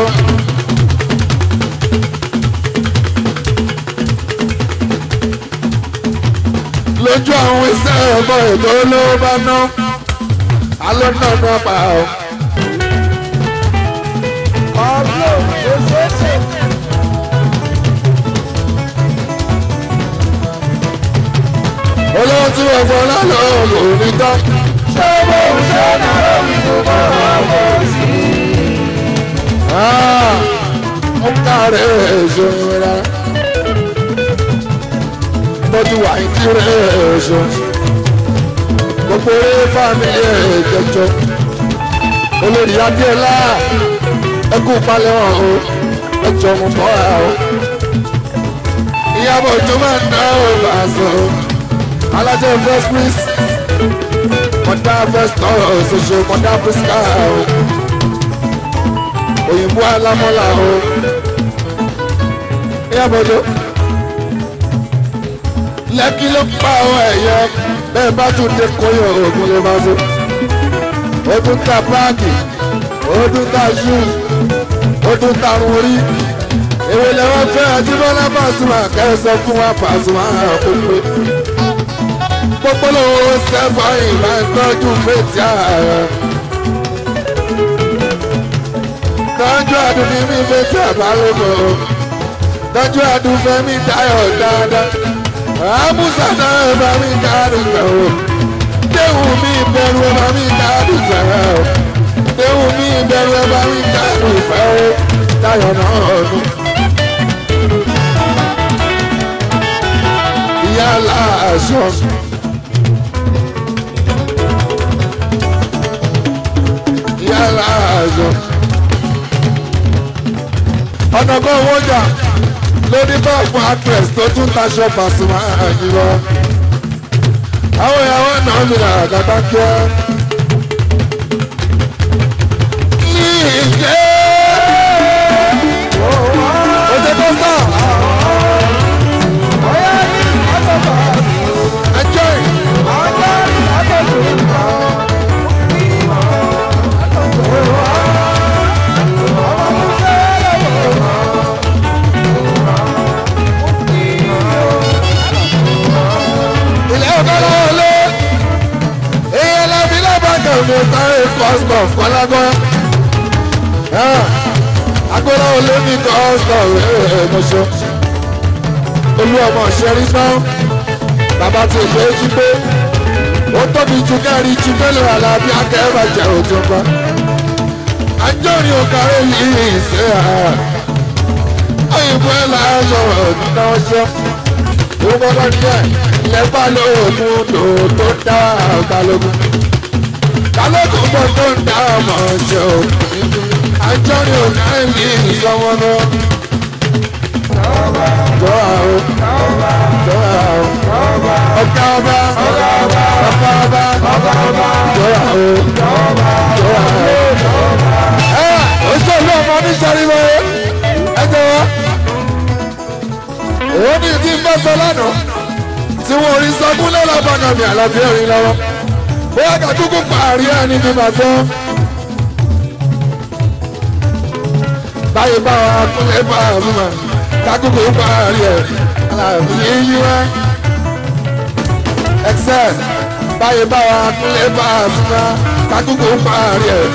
lójú àwọn iṣẹ́ ẹ̀bọ̀ ètò ló bá ná alọ́nà náà pa ọ́. tí mo fọ́ lọ́nà òmò mi tán. ṣé mo ń ṣe náà mi kò mọ sí i. ó ń kárẹ̀ èso rẹ̀ mo ti wà ní tirẹ̀ èso gbogbo fámìlì ẹ̀ẹ́dẹ́jọ olórí adéọlá ẹkú palẹ̀ wọn o ẹjọ́ mo bọ́ ẹ o ìyàbọ̀ tó máa ń dá ọ̀ bá a sọ̀rọ̀ alájẹ first priest mọ̀dá first tọrọ ṣoṣo mọ̀dá priska o òyìnbó alámọ́lá o ìyàbọ̀dọ̀ lẹ́kí ló pa ọ ẹ̀yẹ bẹ́ẹ̀ bá tún dé kóyọ̀ ògùn lè máa so ó tún ta báàgì ó tún ta shoes ó tún ta run orí èwe lẹ́wọ́n fẹ́ Ajíbọ́lá Pasuma kẹ́ ẹ sọ fún wa Pasuma àkókò. Popolo sẹ́fà ìlà ìtọ́jú fèsì ààrẹ. Dájú àdúní mi fèsì àbálòpọ̀. Dájú àdúfẹ́ mi táyọ̀ dáadáa. Àmúṣà náà bá mi dáàdù sẹ́wọ̀. Déhùn mi bẹ̀rù ẹ̀ bá mi dáàdù sẹ́wọ̀. Déhùn mi bẹ̀rù ẹ̀ bá mi dáàdù sẹ́wọ̀. Táyọ̀ náà nù. Ìyá làásọ̀. yàrá àjọ. ọ̀nà kan wọ́n jà lórí báàfù actress tó tún taṣọ Pasuma àjùlọ. àwọn ìyàwó náà mi rà àgàtà kíá. ní ìjẹ́ sanitary custom kọ́lágọ́ ah, agbára olómi custom eh, ẹ̀ẹ́dọ̀ṣọ́ olú ọmọ ṣẹ́rí náà bàbá ti ìgbé jí pé ó tóbi ju kẹ́rin ju mélòó alábí akẹ́rọ jẹ̀rọ tó pa ajọ́rin òkàrẹ́ yìí ṣe àhà òyìnbó ẹ̀ láyé sọ̀rọ̀ náà ṣe ó gbọ́dọ̀ díẹ̀ lẹ́gbàá lóògùn tó tó dá àgbàlógún kálọ́kùn bọ́ tó ń dá ọmọ ṣe o àjọyọ̀ ò náà ní ìsọmọ náà. Jọ́wọ́ àwọn jọ́wọ́ àwọn ọ̀gá ọba ọba ọba ọba ọba jọ́wọ́ àwọn jọ́wọ́ àwọn. Ẹ òṣèlú ọmọ ní sẹ́ríwọ̀ ẹ jọ̀wọ́. Òun ni ti ń bá sọ lánàá tí wọ́n rí sọ́kúnlé lábàgàmì àlàbí ẹ̀rín lọ́wọ́ bóyá kàdúkú pààrí ẹni bí màá sọ. báyìí bá wa kúnlẹ̀ bá a mú ma kàdúkú pààrí ẹ̀ aláàbí yí wá. báyìí bá wa bá a mú pààrí ẹ̀.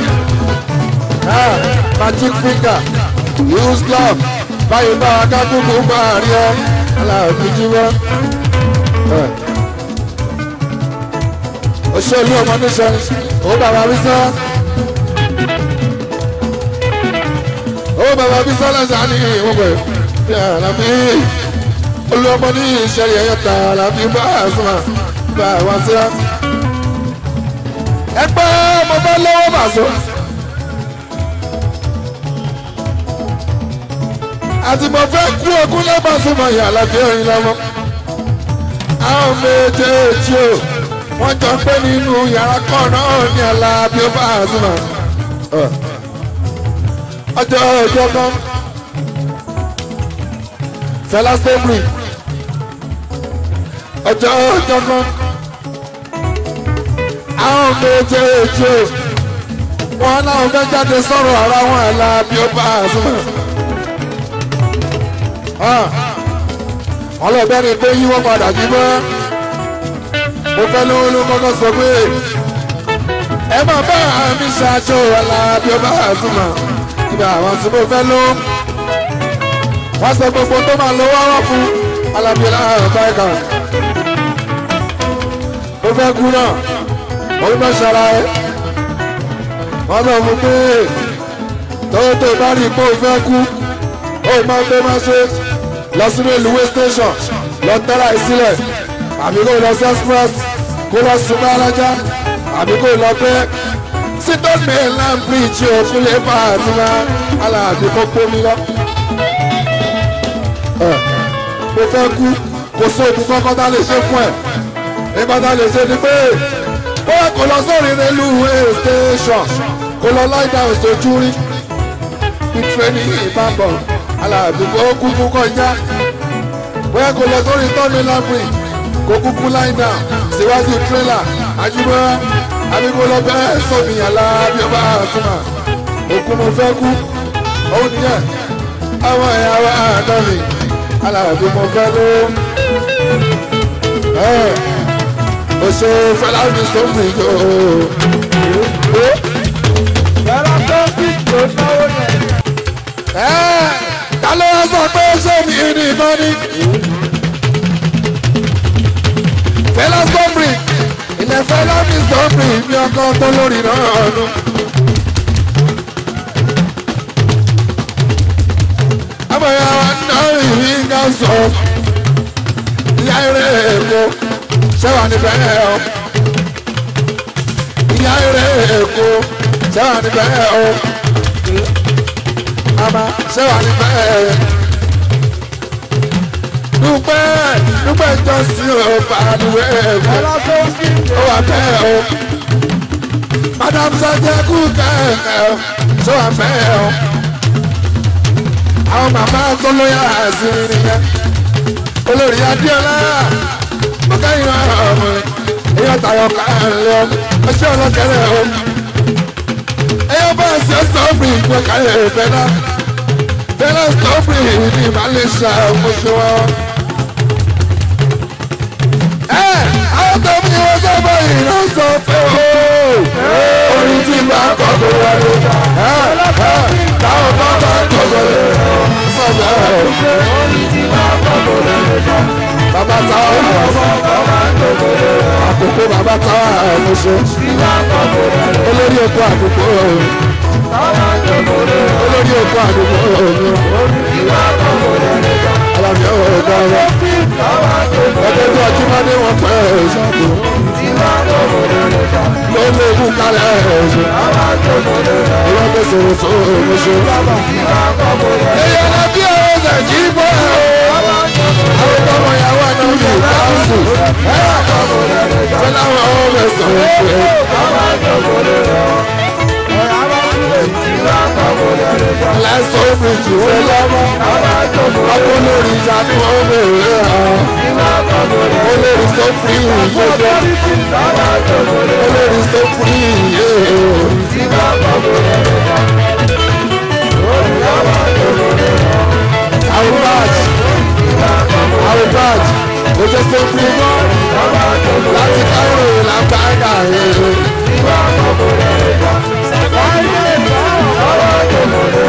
Ah, magic finger use glove báyìí bá wa kàdúkú pààrí ẹ̀ aláàbí yí òṣèlú ọmọ nation ó bàbá bísọ́ ó bàbá bísọ́ lẹ́sàn-án ní ìwọ̀n pẹ̀ bí àlàbí olùọmọ ní ìṣẹ̀lẹ̀ ẹ̀yọ́ ta àlàbí bá àṣùmá bá wá síra. ẹ pé mo fẹ́ lọ́wọ́ bàṣọ. àti mo fẹ́ kú ogún lẹ́bàá súnmọ́ ìyá àlàbí ẹ̀rín lọ́wọ́. àwọn méjèèjì o wọ́n jọ pé nínú yàrá kan náà ní Alábí Pasuma. ọjọ́ ọjọ́ kan Fẹlá Stable ọjọ́ ọjọ́ kan àwọn méjèèjì wọn náà fẹ́ jáde sọ̀rọ̀ ara wọn Alábí Pasuma. ọlọ́bẹ̀rin pé yí wọ́n padà bí mọ́ mo fẹ́ lówó ló kọ́kọ́ sọ pé ẹ máa bá mi ṣàjọ ọ̀la bí ó bá àtúmọ̀ níbi àwọn tí mo fẹ́ ló wọ́n sọ gbogbo tó máa lọ wọ́wọ́ fún alábíọ́lá ọ̀tá ẹ̀ka mo fẹ́ kú náà òun náà ṣara ẹ wọ́n náà mú pé tọ́wọ́ tó bá rí i pé o fẹ́ kú ó máa ń gbé máa ṣe lọ sínú ìlúwé station lọ tẹ́ra ìsílẹ̀ àbí kò lọ sexpress kó lọ sùn málájà àbí kò lọ pé sítọ́ọ̀nù mainland bridge òkun lè bá àtúmá aláàbí kó pómi lọ. mo fẹ́ kú kò sóògùn kankan tá a lè ṣe fún ẹ̀ nígbà tá a lè ṣe ni pé ó kò lọ sórí railway station kò lọ lie down sójú rí ìtúrẹ́nì ìbábọ̀ aláàbí kó kú fún kọjá bóyá kò lọ sórí tọ́mìlà bridge kó kúkú láìna síwájú tírélà àjùmọ̀ abíkóló bẹ́ẹ̀ sọ̀mìyàn láàbí ọba àtúmọ̀ òkú mo fẹ́ kú òun nìyẹn àwọn ẹ̀yà wa àdánì aláàbí mo fẹ́ ló. Oṣù Fẹlámi sọ́mù ìjọ. Fẹlá tó ń bí náwó yẹn. Ẹ́ẹ̀ ta ló sọ pé sọ́mù ìdìbọn ni? Fellas don't break ilẹ̀ fẹ́lá mi don't break mi ọkàn tó lórí náà nù. àbọ̀yà wa náà rí mi ká sọ ìyá eré èkó ṣẹ́wà níbẹ̀ ẹ̀ ọ́ ìyá eré èkó ṣẹ́wà níbẹ̀ ẹ̀ ọ́ àmà ṣẹ́wà níbẹ̀ ẹ̀ ọ́ dúpẹ́ dúpẹ́ jọ́sìn ò pàdùwẹ̀ ẹ̀fẹ̀ ó wà fẹ́ o madam sọjẹ kú kẹ̀kẹ́ o ṣó wà fẹ́ o àwọn màmá tó ló yà sí nìyẹn olórí adéọlá mo kẹ́yìn ọmọ èyí ọ̀tá yọ ká lé o ọṣẹ́ ọlọ́kẹ́rẹ́ o èyí ọba ẹ̀sẹ̀ sọ́ọ̀bì ìgbọ̀kàlẹ̀ ìfẹ́ náà fẹ́lẹ́ sọ́ọ̀bì ní ìbálẹ̀ ṣàkóso wọn. Àtọ́mí wọn sábà ìlú sọ fún o. Orin tí bá kọ́kọ́ wà ló dá. Táwọn bá bá kọ́kọ́ lè rọ sọ́jà rẹ̀. Orin tí bá kọ́kọ́ lè dá. Bàbá táwa rẹ̀ sọ́jà. Àkókò bàbá táwa rẹ̀ ló ṣe. Olórí oko àkókò rẹ̀ o. Olórí oko àkókò rẹ̀ o. Orin tí bá mi ò dáwọ́. ọjọ́ tó ọjí máa ní wọn pẹ́ ṣọ́ọ̀bù. ló lè mú kálẹ̀ ẹ̀ṣẹ̀. ìwọ́n tó sọ̀rọ̀ sọ̀rọ̀ mọ́ṣọ́. ẹ̀yẹ́ lọ bí ọ̀rọ̀ ṣèjì bọ́ ẹ̀ o. méjì ó lọ́wọ́ ọkọ lórí ìjàdí wọn bèrè hàn olórí tó fi ìyè jẹ olórí tó fi ìyè Albert Albert ó tó fi mọ́ láti káyọ̀ làgbáyà èrè. Sábà yé bá ọ̀rọ̀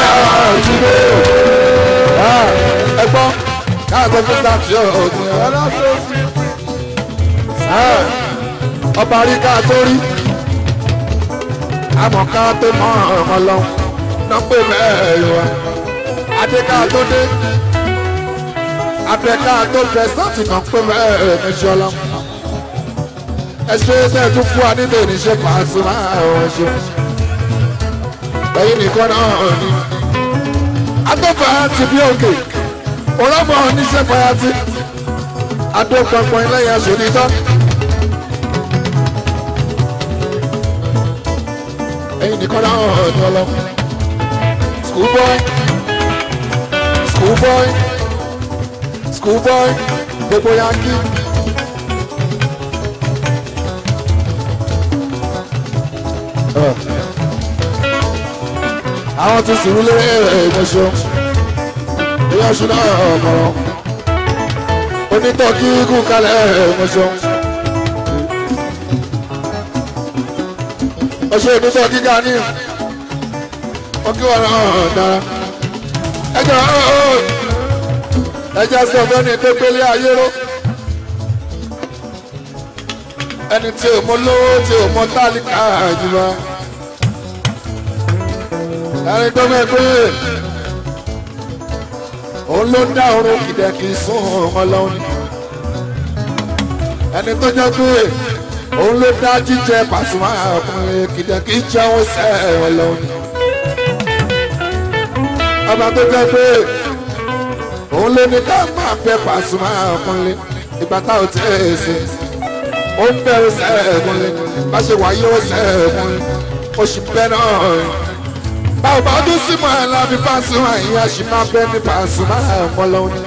àtúndé ẹgbọ́n káàtó fún sàtìyọ ògùn ọlọ́sọ̀ọ́sì ọba rí káàtó rí àmọ́ káàtó mọ́ ọmọ lọ nọ́pẹ́ mẹ́rin wa adé káàtó dé abẹ káàtó bẹ sọ́ọ̀tì kan pé mẹ́rin ẹ̀ṣọ́ lọ ẹ ṣe bẹ́ẹ̀ tún fún wa nílé oníṣẹ́ pàṣẹ máa ọ̀ ẹ ṣe lẹ́yìn nìkan náà ni adófàá ti bí òkè òrọ́mọ oníṣẹ́ fàyàtì adópọ̀pọ̀ ẹlẹ́yà sòdítọ́. ẹyin nìkan láwọn ọ̀dọ́ lọ school boy school boy school boy gbogbo yankí. Uh àwọn ti sùn lé ìmọ̀ṣọ́ ilé ọ̀ṣun náà ọ̀kọ̀rọ̀ onítọ̀kí kú kalẹ̀ ìmọ̀ṣọ́ ọṣẹ onítọ̀kí ga ní ọkí wà náà dára ẹjọ́ ẹjọ́ sọ fẹ́ni tó gbélé ayé ró ẹni tí ò mọ lówó tí ò mọ tálíkà jùlọ ẹni tó mẹ́ pé òun ló dá oorun kìdẹ̀kì sún oorun ọlọ́run ẹni tó jẹ́ pé òun ló dá jíjẹ Pasuma ọkùnrin kìdẹ̀kì jẹun sẹ́ẹ̀ ọlọ́run ọba tó jẹ́ pé òun ló ní ká máa bẹ Pasuma ọkùnrin ìgbà tá ò tẹ́ ẹ ṣe ó ń bẹ̀rù sẹ́ẹ̀ ọkùnrin bá ṣe wáyé ó sẹ́ẹ̀ ọkùnrin ó sì náà báwo bá dún sí mọ́ ẹ̀ láfi Pasuma ìyá ṣì máa bẹ́ ní Pasuma ọmọ lọ́wọ́ ni.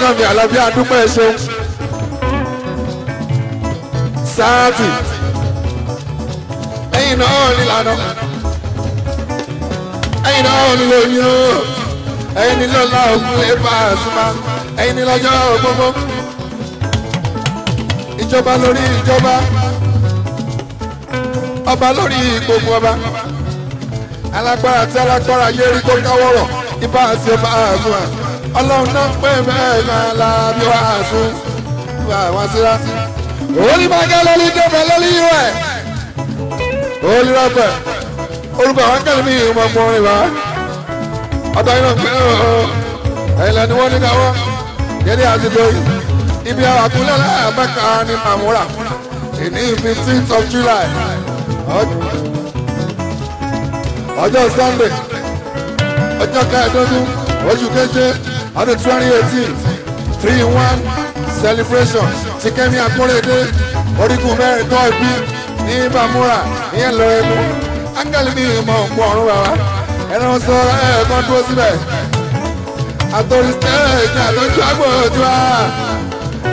náà mi àlàbí àdúpẹ́ ṣeun sáàtì ẹ̀yin náà ní lànà ẹ̀yin náà ní lóyún o ẹ̀yin ní lọ́la ògùn ẹ̀fà àsùnmá ẹ̀yin ní lọ́jọ́ ògbómọ ìjọba lórí ìjọba ọba lórí gbogbo ọba alágbára tí alágbára yé rí tó káwọ́rọ̀ ibà àti ẹ̀fà àsùnmá ọlọ́run náà pé bẹ́ẹ̀ máa la bí wàá sún bí àwọn síláṣí. òun ni máa gẹ́ lórí débẹ̀ lórí irú ẹ̀ òun ni rọ́pẹ̀ orúkọ àwọn akẹ́lẹ́ mi ìhùn ọmọ orin wa ọba iná pé ẹ̀yìn lẹ́nu wọ́n ní káwọ́ yẹ́nì àdìgbò ibi àkúlẹ̀ láàbẹ̀ka ni màmúra ní fifteenth of July ọjọ́ Sunday ọjọ́ kẹẹ̀ẹ́dógún oṣù keje ọdún twenty eighteen three one celebration ti Kẹ́mi Akúnrédé orígun mẹ́rin tó ẹbí ní bàmúrà ìyẹn lọ ẹnu ángẹ́lì mi ìmọ̀ òkú ọ̀run bàbá ẹran sọ ẹ̀ẹ̀kan dúró síbẹ̀ àtòrí stéèjì àtòjú agbóòjú wa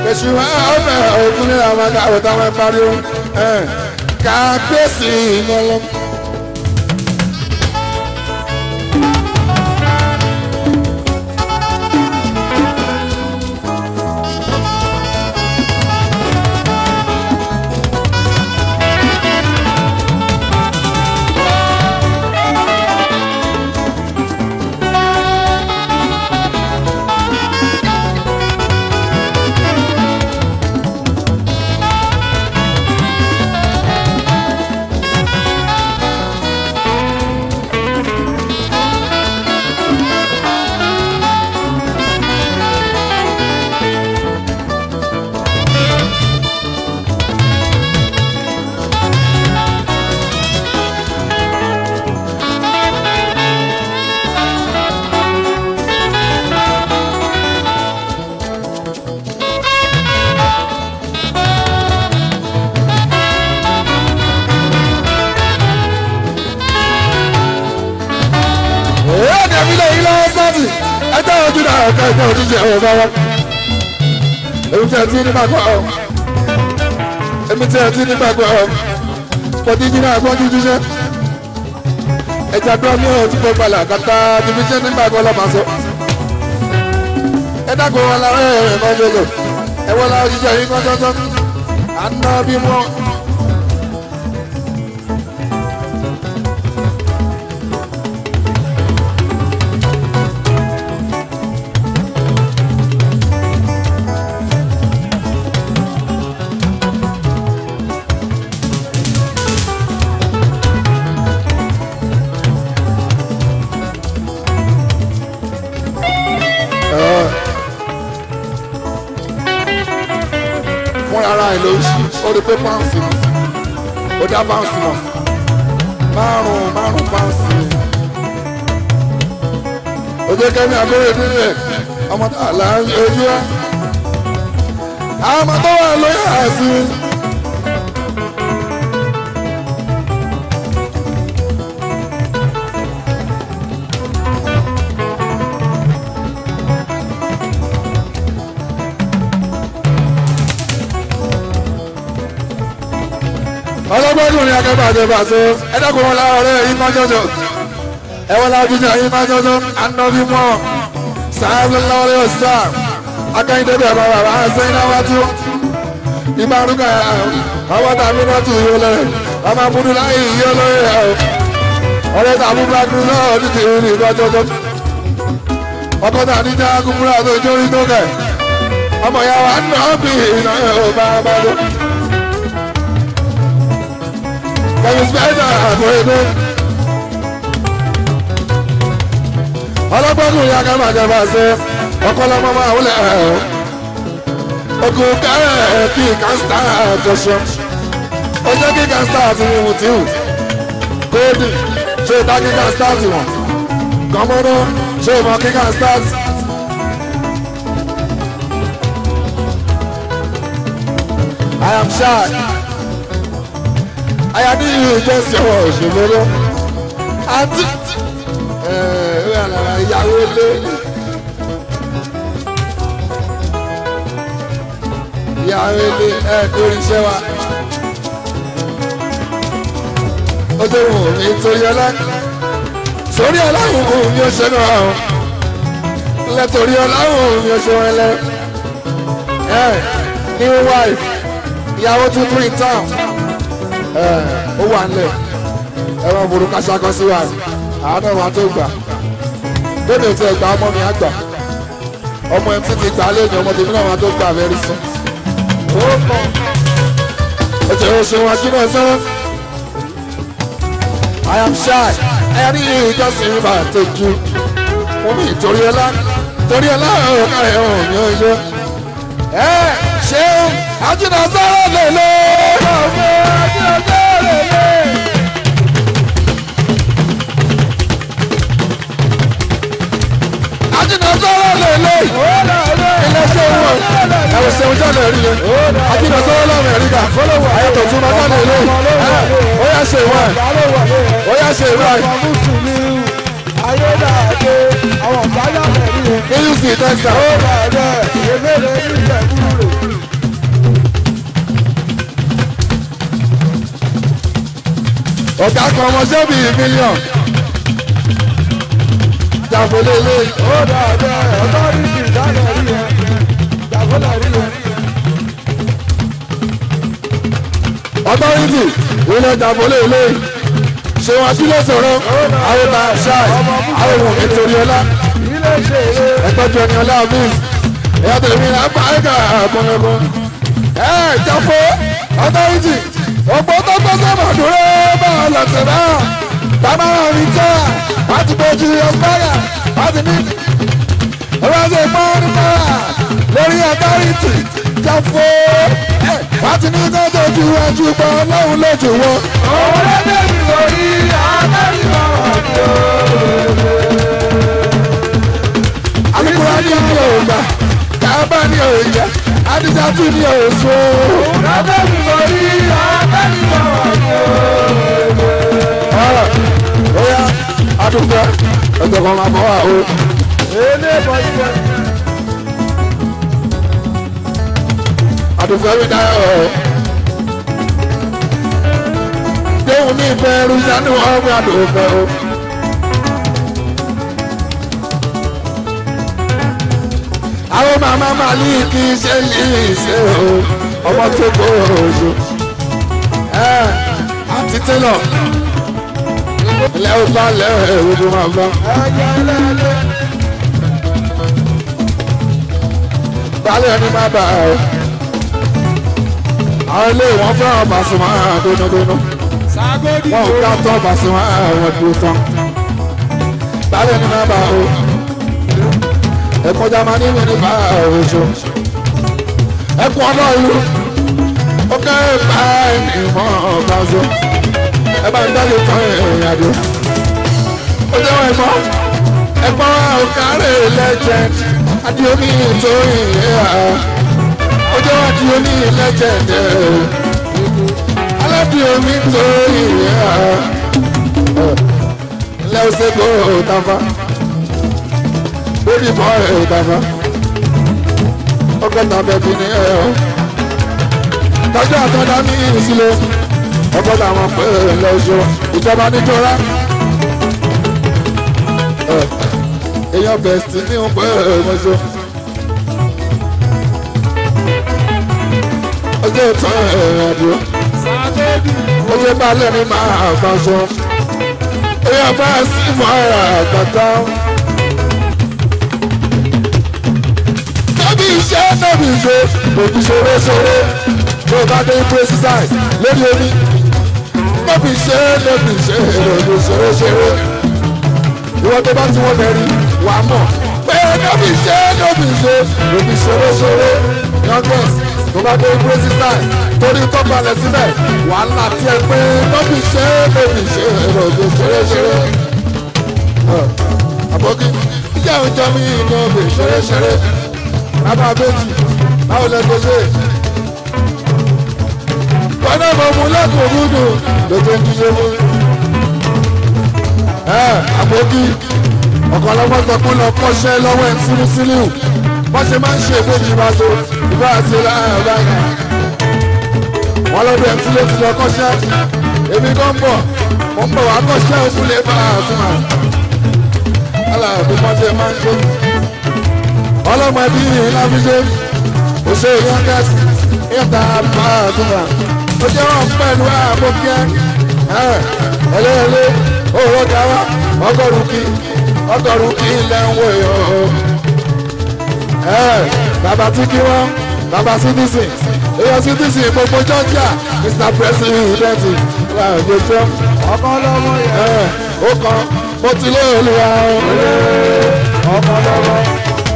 kẹsù ọbẹ̀ òkú nílẹ̀ àwọn akáwọ̀tá wọn parí o kàbíyèsí ìmọ̀lọ́mù. dáadáa. èmi tí ẹ ti ní gbàgbọ́ ọ èmi tí ẹ ti ní gbàgbọ́ ọ pọtí jí náà gbọ́n jíjú ṣe. ẹja gbọ́ mi ò tí kò gbalà kàtà tìbí ṣe ní gbàgbọ́ lọ́mọ sọ. ẹ dákun wọn làwọn ẹ̀rẹ̀ mọ́ jọjọ ẹ wọ́n làwọn jíjẹ yín kọ́ńtọ́ńtọ́ àná bí wọ́n. ó rí pé pounds ni ó dá pounds mọ̀ márùn márùn pounds ni ó jẹ́ kẹ́mi àbúrò ìdílé ọmọ tá a là ń ojú ẹ àwọn ọmọ tó wà lóyè àìsí. ọlọ́gbọ́dún ni akẹ́kọ̀ọ́ àti ìbàṣẹ ẹ̀dẹ́kùnrin lára ọ̀rẹ́ yìí máa jọjọ ẹ̀wọ́n lábíjà yìí máa jọjọ anọ́bí mọ́ sàáfẹ́ lọ́rẹ́ ọ̀sà akẹ́yìndébẹ̀ bàbá bá ṣe iná wá tú ìbá rúkà àwọn tàbí náà tù yóò lẹ́rẹ̀ ọmọ abúlé láyé yóò lọ́rẹ́ ọ̀rẹ́ tàbí bàbá náà ọdún ti rí jọjọ ọkọ tàbí jágúnmúra tó jórí tó kẹ ọmọ ìyá wa náà náà yóò bá bá kọ̀mùsùpẹ́sà àbò ebó. ọlọ́gbọ́n ya ká máa jẹba ṣe ọkọlọmọ máa wúlẹ̀ ẹ̀hún. ogun kẹ́rẹ̀ kí kánsítà àjọṣọ. ó jẹ́ kí kánsítà àti ìwù tí wù. kóòdù ṣe ìta kí kánsítà tì wọ̀n. kọ́mọ́nú ṣe ìmọ̀ kí kánsítà tì. I am shy aya ní irú ìjọsìn ọwọ́ òṣèlérò àti ìyàwó ilé ìyàwó ilé ẹ eh, torí iṣẹ́ wa ó tó wù mí torí ọlá torí ọlá wù mí ó ṣe náà o lẹ́tọ̀rí ọlá wù mí ó ṣe wọn lẹ́ ẹ eh, new wife ìyàwó tuntun in town. Eh, ó wà nílẹ̀ ẹ máa burú kásákọ́ sí wa àánú wa tó gbà bébè tí ẹ gba ọmọ mi á gbà ọmọ ẹ títí gbà lẹ́yìn ọmọ tèmi náà wa tó gbà very soon. ó jẹ́ oṣù wájú náà sọ́wọ́. I am shy. Ẹni yìí jọ́sìn ìbá tẹ̀jú. Mo ní ìtorí ọlá. Torí ọlá ọ̀hún ká ẹ̀ ọ̀hún yóò yó. Ẹ ṣeun, ajínà sọ́rọ̀ lélẹ̀ ẹwọ sẹwọn jáde ẹrí lẹ àtìmọ sọwọ lọrùn àwọn ọ̀gá yàtọ̀ ẹ̀rí kí ló sì tẹ́sán. ó bàbá ẹ̀ ẹ̀mẹ́rẹ̀ ẹ̀rí rẹ̀ kúrò. ọ̀gá kan ọmọ sẹ́bi mílíọ̀n. jàfẹ́lẹ́lẹ́ ó dáadáa ọ̀tọ́ rí ti ìdáná rí ẹ jàfẹ́lẹ́ rí ẹ. ọtọ́rìtì ilẹ̀ jàfẹ́lẹ́lẹ́ ṣèwọ̀n sílẹ̀ sọ̀rọ̀ àwọn bá ṣáì àwọn ohun ìtòrí ọlá ẹ̀tọ́jú ẹni ọlá abúz ẹ̀yà tẹ̀lé mi lápá ẹ̀ka àpọ̀nrẹ̀bọ̀ ẹ̀ jàfẹ́ ọtọ́rìtì ọ̀pọ̀ tó tọ́ sẹ́mà dúró bọ̀ lọ́tẹ̀rẹ́ bàbá wọn rí tẹ́ àti bójú ọgbẹ́rẹ́ àti ní. ọlọ́sẹ̀ pọ́nrí mọ́ra lórí ọ̀tọ́rìtì jẹ́ fún ẹ̀ àti ní tọ́jú ju ẹjú bọ́ lọ́hùn lójú wọn. òun ló débi lórí àtẹ́yìnbó ọ̀dọ́. alukura ni mi ò gbà kábà ni ò yẹ adijatu ni ò òun ló débi lórí. ẹ̀jẹ̀ kan máa bọ̀ wá o. àdùfẹ́mi dáhùn. déhùn mi ìfẹ́ rúṣánú ọ̀gbìn àdùfẹ́ o. àwọn màmá màlí kì í ṣe lè ṣe o ọmọ tó kó o ṣe. àti tẹ́lọ̀ lẹ́wọ́ bá lẹ́wọ́ ẹ̀rọ tó máa bá. balẹ̀ ni má bà á àwọn ilé wọn fẹ́ràn Pasuma dónúdónú. wọn ò ká tán Pasuma àwọn dúró tán. balẹ̀ ni má bà á o. ẹ̀kọ́ jamani mi bá a o ẹ̀kọ́ ọlọ́run ó kẹ́ ẹ̀ bá ẹ̀ ní ọ̀gá so ẹ bá ń dáre tán ìrìn àjò. ó jẹ́ wọn ẹ̀fọ́ ẹ̀fọ́ òkàrè legend adiomi ìtòyìn ẹ̀hà ó jẹ́ wọn adiomi legend ẹ̀ aládiomi ìtòyìn ẹ̀hà ilé ọ̀sẹ̀gbọ̀ òtàfà bébí bọ́ òtàfà ọgọ́ta bẹ̀bí ni ẹ̀ ọ́ tọ́jú àtọ́dá ní ìsìlẹ̀ ọgbọ́n làwọn pé lọ́sọ ìjọba níjọra. èèyàn bẹ̀sì ní ń pẹ́ lọ́sọ. ọjọ́ ìtàn ẹ̀rọ oye balẹ̀ ni máa fa sọ èèyàn bá sí fọ́ọ̀rọ̀ àgbàdá. níbi iṣẹ́ níbi iṣẹ́ òbí ṣeré ṣeré tó bá dé ibi exercise lórí omi lóbi ṣe lóbi ṣe lóbi ṣeré ṣeré ìwọ tó bá ti wọ́n lẹ́rí wàá mọ̀ pé lóbi ṣe lóbi ṣe lóbi ṣeré ṣeré yọgbọ́n tó bá dé crazy time torí tó balẹ̀ síbẹ̀ wàhálà tí ẹ pé lóbi ṣe lóbi ṣe lóbi ṣeré ṣeré àbókí ìjà òjò mi lóbi ṣeré ṣeré bàbá méjì báwo lẹ gbèsè wọn mọ mu lẹ́kọ̀ọ́ gúdù lójú ń kíyé mú. ẹ àpòkí ọ̀kan lọ́wọ́ sọ pé lọ kọ́ṣẹ́ lọ́wọ́ ẹ̀ sílùsílù wọ́n ṣe máa ń ṣe ìbejì ìbáṣọ ìbá àti láàrin ọ̀gá yẹn. wọ́n lọ́dọ̀ ẹ̀ sílé ti lọ kọ́ṣẹ́ èmi kan bọ̀ mo ń bọ̀ wá kọ́ṣẹ́ òkúlé bá a sùn à. aláàbò mọ́tẹ́ máa ń ṣe. ọlọ́mọ ẹbí yìí láfi ṣe òṣèré yọ̀ǹgẹ́sì ìta bá a sùn à. Ah, eh, ó jẹ́ wọn pẹ̀lú àbókẹ́ ẹlẹ́ẹ̀lẹ́ òwò gáwá ọgọ́rùkì ọgọ́rùkì ilẹ̀ ń wò yó. Eh, bàbá tí kí wọ́n bàbá citizen èèyàn citizen gbogbo jọ́jà Mr President wà lójó. ọkàn lọ́wọ́ yẹn. Eh, ó kan mo ti lé olùwà o. ọkàn lọ́wọ́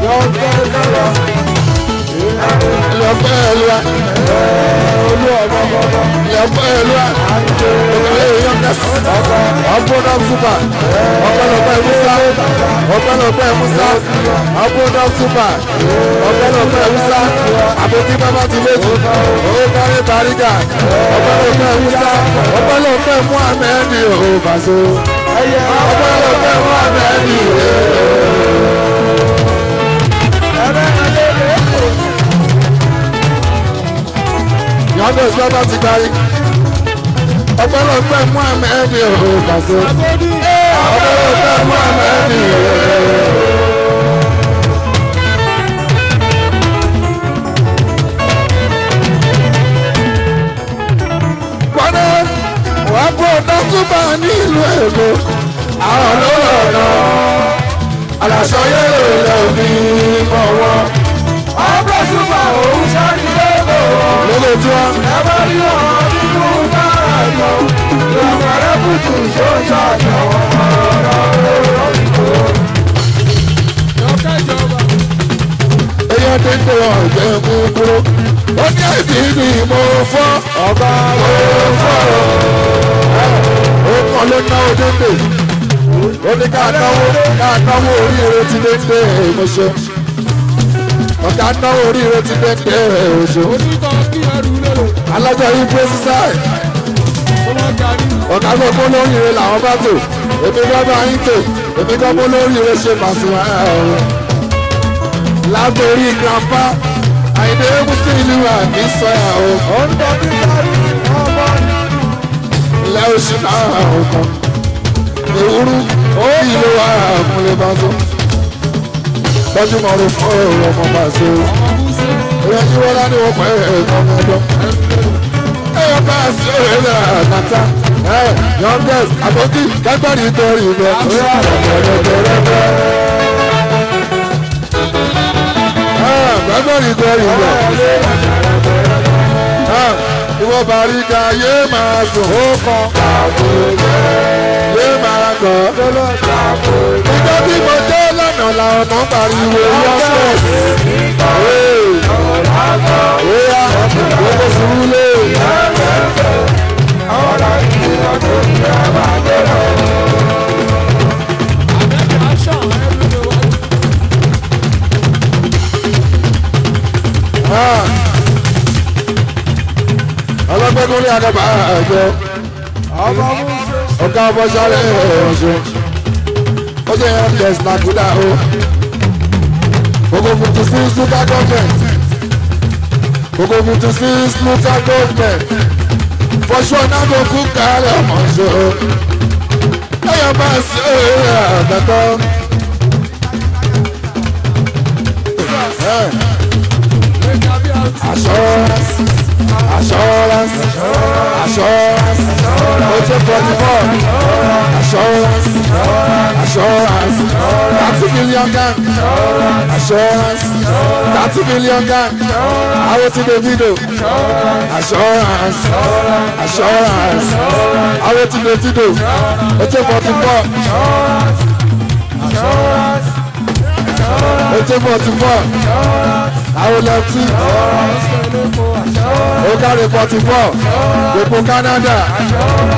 yọ̀ọ́ bẹ́ẹ̀ lọ́wọ́ lọ́pẹ́ ẹ̀lúwa lọ́pẹ́ ẹ̀lúwa òkèlè yọ̀ǹdẹ̀sì ọ̀bọ̀dọ̀ súpà ọ̀pẹ̀lọpẹ̀ musa ọ̀pẹ̀lọpẹ̀ musa ọ̀bọ̀dọ̀ súpà ọ̀pẹ̀lọpẹ̀ musa àbòkí bàbá ti léjì owó kárí tàrígà ọ̀pẹ̀lọpẹ̀ musa ọ̀pẹ̀lọpẹ̀ muhammed ọ̀bàṣọ ọ̀pẹ̀lọpẹ̀ muhammed ọ̀bàṣọ. yàgò sọ́dọ̀ ti parí. ọ̀pọ̀lọpọ̀ mú àmì ẹ̀mí òhò pàṣẹ. ọ̀pọ̀lọpọ̀ mú àmì ẹ̀mí òhò. àbọ̀ dátúbà nílùú èkó àwọn olóòrò aláṣọ yẹ̀rọ ilẹ̀ òbí mọ̀ wọ́n. ọ̀pọ̀ òun sáré lọ́lẹ̀ tí wọ́n. ẹ̀bá rí ọ̀rọ̀ nínú bára yọ ìlànà rẹ̀ kùtù sójà jọ̀wọ́ ọ̀rọ̀ lórí ìkó. èèyàn ti ń tẹ̀wọ̀ ìjẹ́ mú kúrò ó ní àìsí ni mo fọ́ ọba mo fọ́ ó kàn ló ná ojú ń dè ó ní ká náwó ká náwó oríire ti dé dé èèmọ̀ ṣe ọ̀gá náwó oríire ti dẹ́gbẹ́ òjò. alájọ yìí pé sísáì. ọ̀gá gbọ́ pé olóríire làwọn bá tò èmi gbọ́ bá yín tò èmi gbọ́ pé olóríire ṣe Pasuma ẹ̀rọ. látòrí grandpa àìdè egusi ìlú àmì sọ ẹ̀ o. ilé oṣù náà ọkàn ewúrú ó ìlú àkúnlé bá tó tọ́jú mọ́ ló fún ẹ̀rọ ọmọ bá ṣe o. Ìyẹn tí wọ́n láti wọ́n pẹ́ ẹ̀rọ ọmọ ọdún. Ẹ̀yọ bá ṣe ẹ̀rọ àgbàtà. Young girls, àbókí kẹ́gbẹ́rì torí ibẹ̀. Ìyá àgbàdo tẹ̀lé bẹ́. Kẹ́gbẹ́rì torí ibẹ̀. Ìwọ bàríkà yé máa sùn ó kàn. Yé máa kàn. Ìjọ́ tí mo dé ọ̀nà la ọ̀nà pariwo yọ́sẹ̀. Oya owó sùúrù lé. ọlọ́gbẹ́gun ní àdàbà àjọ ọ̀gá ọbọ̀sálẹ̀ ọ̀ṣun ó jẹ́ mds nàgúdà o ogo fifty six local government ogo fifty six local government For sure. náà kò kú kàálẹ̀ mọ̀ ṣe o ẹ̀yọ̀ bá ṣe é àgbàtọ́. Assurance, assurance, assurance, assurance, assurance, assurance assurance thirty million gang assurance thirty million gang awo ti davido assurance assurance awo ti davido ojo forty four ojo forty four awo lefty ó kárí forty four gbogbo Canada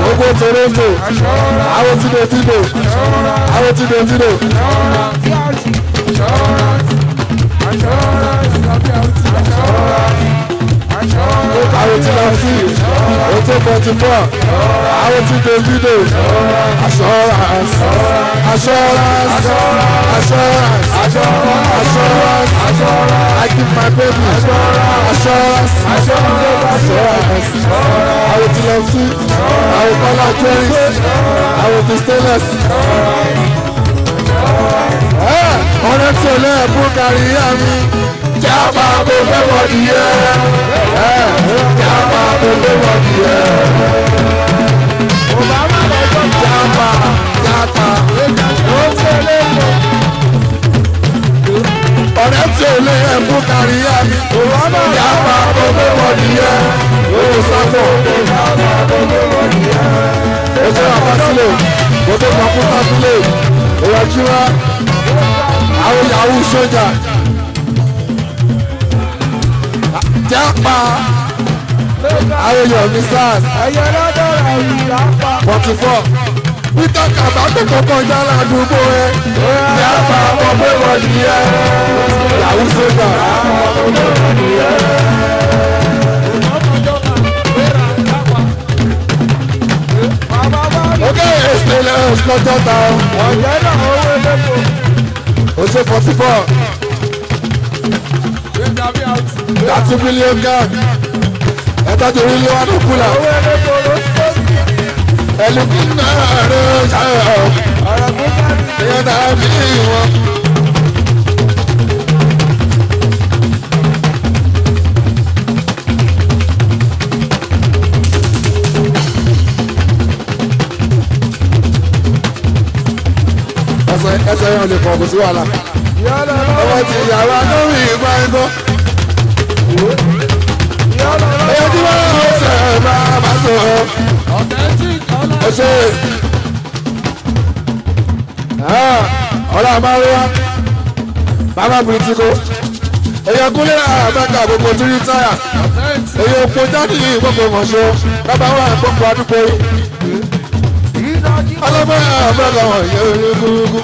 gbogbo Toronto awotidotido awotidotido. Assurance, assurance, assurance, assurance take àrètí náà sí o take forty four àrètí davido assurance assurance assurance assurance i give my baby assurance assurance àrètí náà sí àrètọ́lá jerry àrètí stainless ọ̀rẹ́ tí ò lẹ́ẹ̀kú kárí yá mi jápa kò fẹ́ wọ nìyẹ jápa kò fẹ́ wọ nìyẹ. Obama lọ sọ jápa jápa ó tẹ̀lé lọ. ọ̀rẹ́ tí ò lè ẹ̀kú kárí ẹ̀mí jápa kò fẹ́ wọ nìyẹ lórí sápò. Oṣù àfàsílẹ̀ gbogbo pàkúta sílẹ̀ ìwà jíra àwọn ìyàwó sójà. ìjàpá ayẹyẹ misan ẹyẹ ládàrà ìjàpá forty four peter kaba tó kọ́kọ́ já ládùúgbò ẹ ìjàpá ọmọ pé wọ́n di ẹ làwùjọ náà ọmọ ok èsì lẹ́yìn ọ̀sán jọ́ta. ọ̀jẹ̀ náà ó wé lẹ́kọ̀ọ́. o ṣe forty four thirty million gang ẹ̀ta torí ilé wa ló kú la. ẹlùkún náà rẹ̀ ṣayọ̀ ẹ̀yẹ́ náà bí wọn. ẹsẹ̀ ẹsẹ̀ yẹn ò lè pọ̀ kò sí wàhálà. ọmọ ti yàrá lórí ìgbà ẹ̀kọ́ ẹyẹ tí wọ́n ń ṣe máa bá tó o ṣe ọlọ́run máa ń wá bàbá burúkú kó èyí ọkùnrin náà mẹ́ta gbogbo tírí táyà èyí òpó jáde yìí gbogbo mọ̀ṣọ́ bàbá wà gbogbo àdúgbò yìí ọlọ́mọ náà mẹ́ta wọ̀nyí orí burúkú.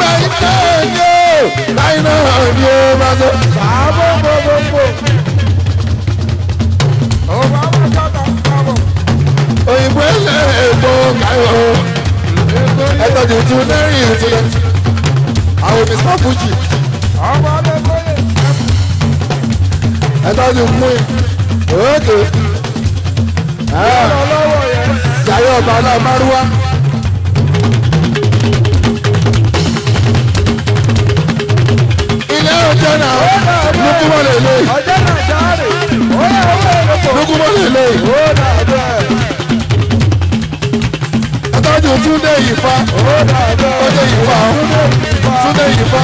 bẹ́ẹ̀ ni láyé náà ni ó máa tó. Sàbò gbogbogbò. Òwò àwọn sọ́kà ń pàbọ̀. Òyìnbó ẹsẹ̀ èpo káyọ̀. Ẹ̀tọ́ ti tún lẹ́rìn ìtúlẹ̀. Àwọn òbí sọ́ Fújì. Ọmọ ọdún kọ́lé. Ẹ̀tọ́ ti mú i. Òkè. Ìyá ọlọ́wọ̀ yẹn. Jàyọ̀ ọba náà máa rú wá. ọjọ́ náà lukumọ lè lè lukumọ lè lè. Atájú Túndé Ìfá Túndé Ìfá Túndé Ìfá.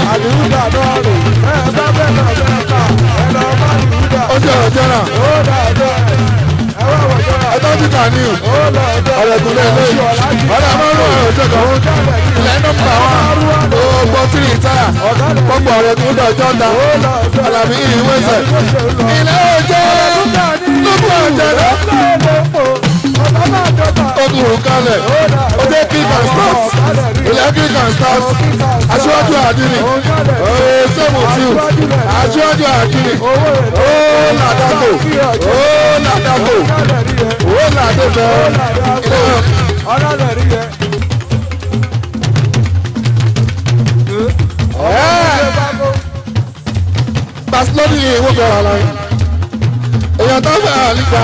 Ọjọ́ ọjọ́ náà ọtọ́jú kàní ọ̀rẹ́gúnlẹ̀ lẹ́yìn ọ̀rẹ́ amọ́rún ọ̀rẹ́jọ́ kan ilẹ̀ nọ́mbà wa tìrì táyà gbogbo ọ̀rẹ́gúnlẹ̀ ọjọ́ ta ọ̀làmì ìwé sẹ̀ ilẹ̀ ọjọ́ lókun ọ̀jẹ̀ lọ́kùnrin ó ti rò kalẹ̀ ó dé kick and start ilẹ̀ kick and start aṣíwájú àdínì ooo sẹ́mu field aṣíwájú àdínì ooo làdàgò ooo làdàgò ooo làdàgò Barcelona yìí wọ́n gbọ́ra láyé èèyàn tó fẹ́ àlìgbà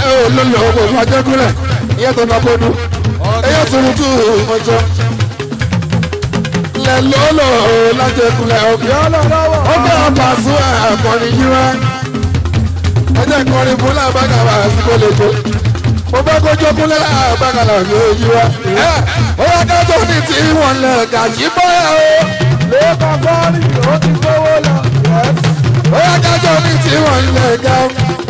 ẹ ò lólè ọkọ̀ ìlú ajẹ́kúnlẹ̀ ìyẹn tó máa bọ́dún ẹyẹ tuntun tún ìmọ̀jọ. lẹ lọ́lọ́ lájẹkúnlẹ̀ òbí ọlọ́lọ́wọ́ ọgbẹ́ àpàṣù ẹ̀kọ́ni yíwá ẹjẹ́ kọrin fún làbàgà wà síbò lèpo mo fẹ́ kó jókòó làbàgà là ní èyí wá. ẹ ó yẹ ká tó ní tí wọn lẹ gàjí bọ́yà o. lóòkà sọ́ọ́rì ló ti gbówó lọ. ó yẹ ká tó ní tí wọn lẹ gàjí.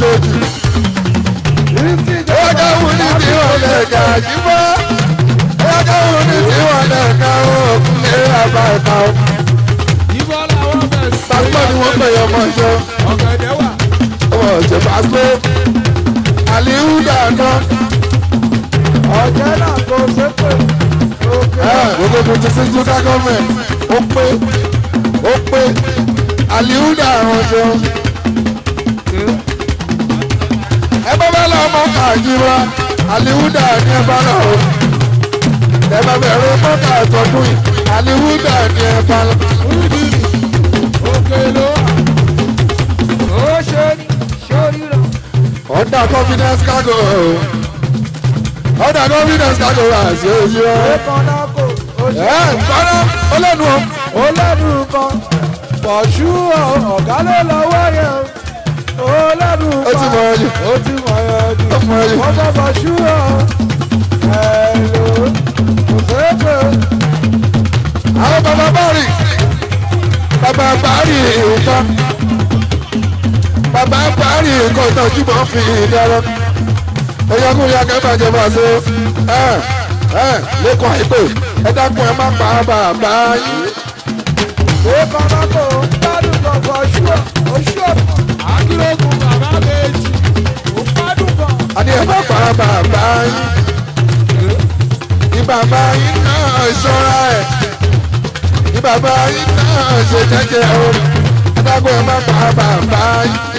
méjèèjì. ó dáhùn ní tí wọ́n lè kà jí mọ́. ó dáhùn ní tí wọ́n lè kà òkú lé àbá ìta o. ìbọn làwọn fẹ̀ sí. pásítọ̀ ni wọ́n pèyàn mọ́ ṣe. ọ̀gẹ̀dẹ̀ wà. ọmọ ọ̀jẹ̀ pásítọ̀. àlìhù dànù. ọ̀jẹ̀ náà kò ṣe pé. ti sí júkà gọ́ọ̀mẹ̀ ó pé ó pé àlìhù dànù ṣe. lọ́mọ kàjìrà àlìwúdà ní ẹ bá lọ o ẹ̀bá bẹ̀rẹ̀ mọ́tà àtọ́dún yìí àlìwúdà ní ẹ bá lọ. ọ̀dà confidence cargo ọ̀dà confidence cargo wà sí ojú ọ. ẹ̀ ń kọ́ná ó lẹ́nu o. ó lẹ́nu kan pọ̀ ọ̀gá ló lọ́wọ́ yẹn o olódùn pa ó ti mọ̀ ọ́jú ó ti mọ̀ ọ́jú ó mọ̀ ọ́jú wọ́n bá bá ṣúra ẹ̀lò òṣèpè. àwọn bàbá bárì bàbá bárì nǹkan bàbá bárì nǹkan ìtọ́jú mọ́ fi dára ẹ̀yọ́ kúrò yá kẹ́fà bá ṣe ẹ̀ ẹ̀ lẹ́kọ̀ọ́ àìpé ẹ dákun ẹ má pa bàbá yìí. ó kọ́ máa kó gbádùn lọ́kọ̀ ṣúọ̀ ó adé ẹ̀ bá pa bàbá yín ní bàbá yín náà ṣọ́ra ẹ̀ ní bàbá yín náà ṣe jẹ́jẹ́ o adágún ẹ̀ má bàbá yín.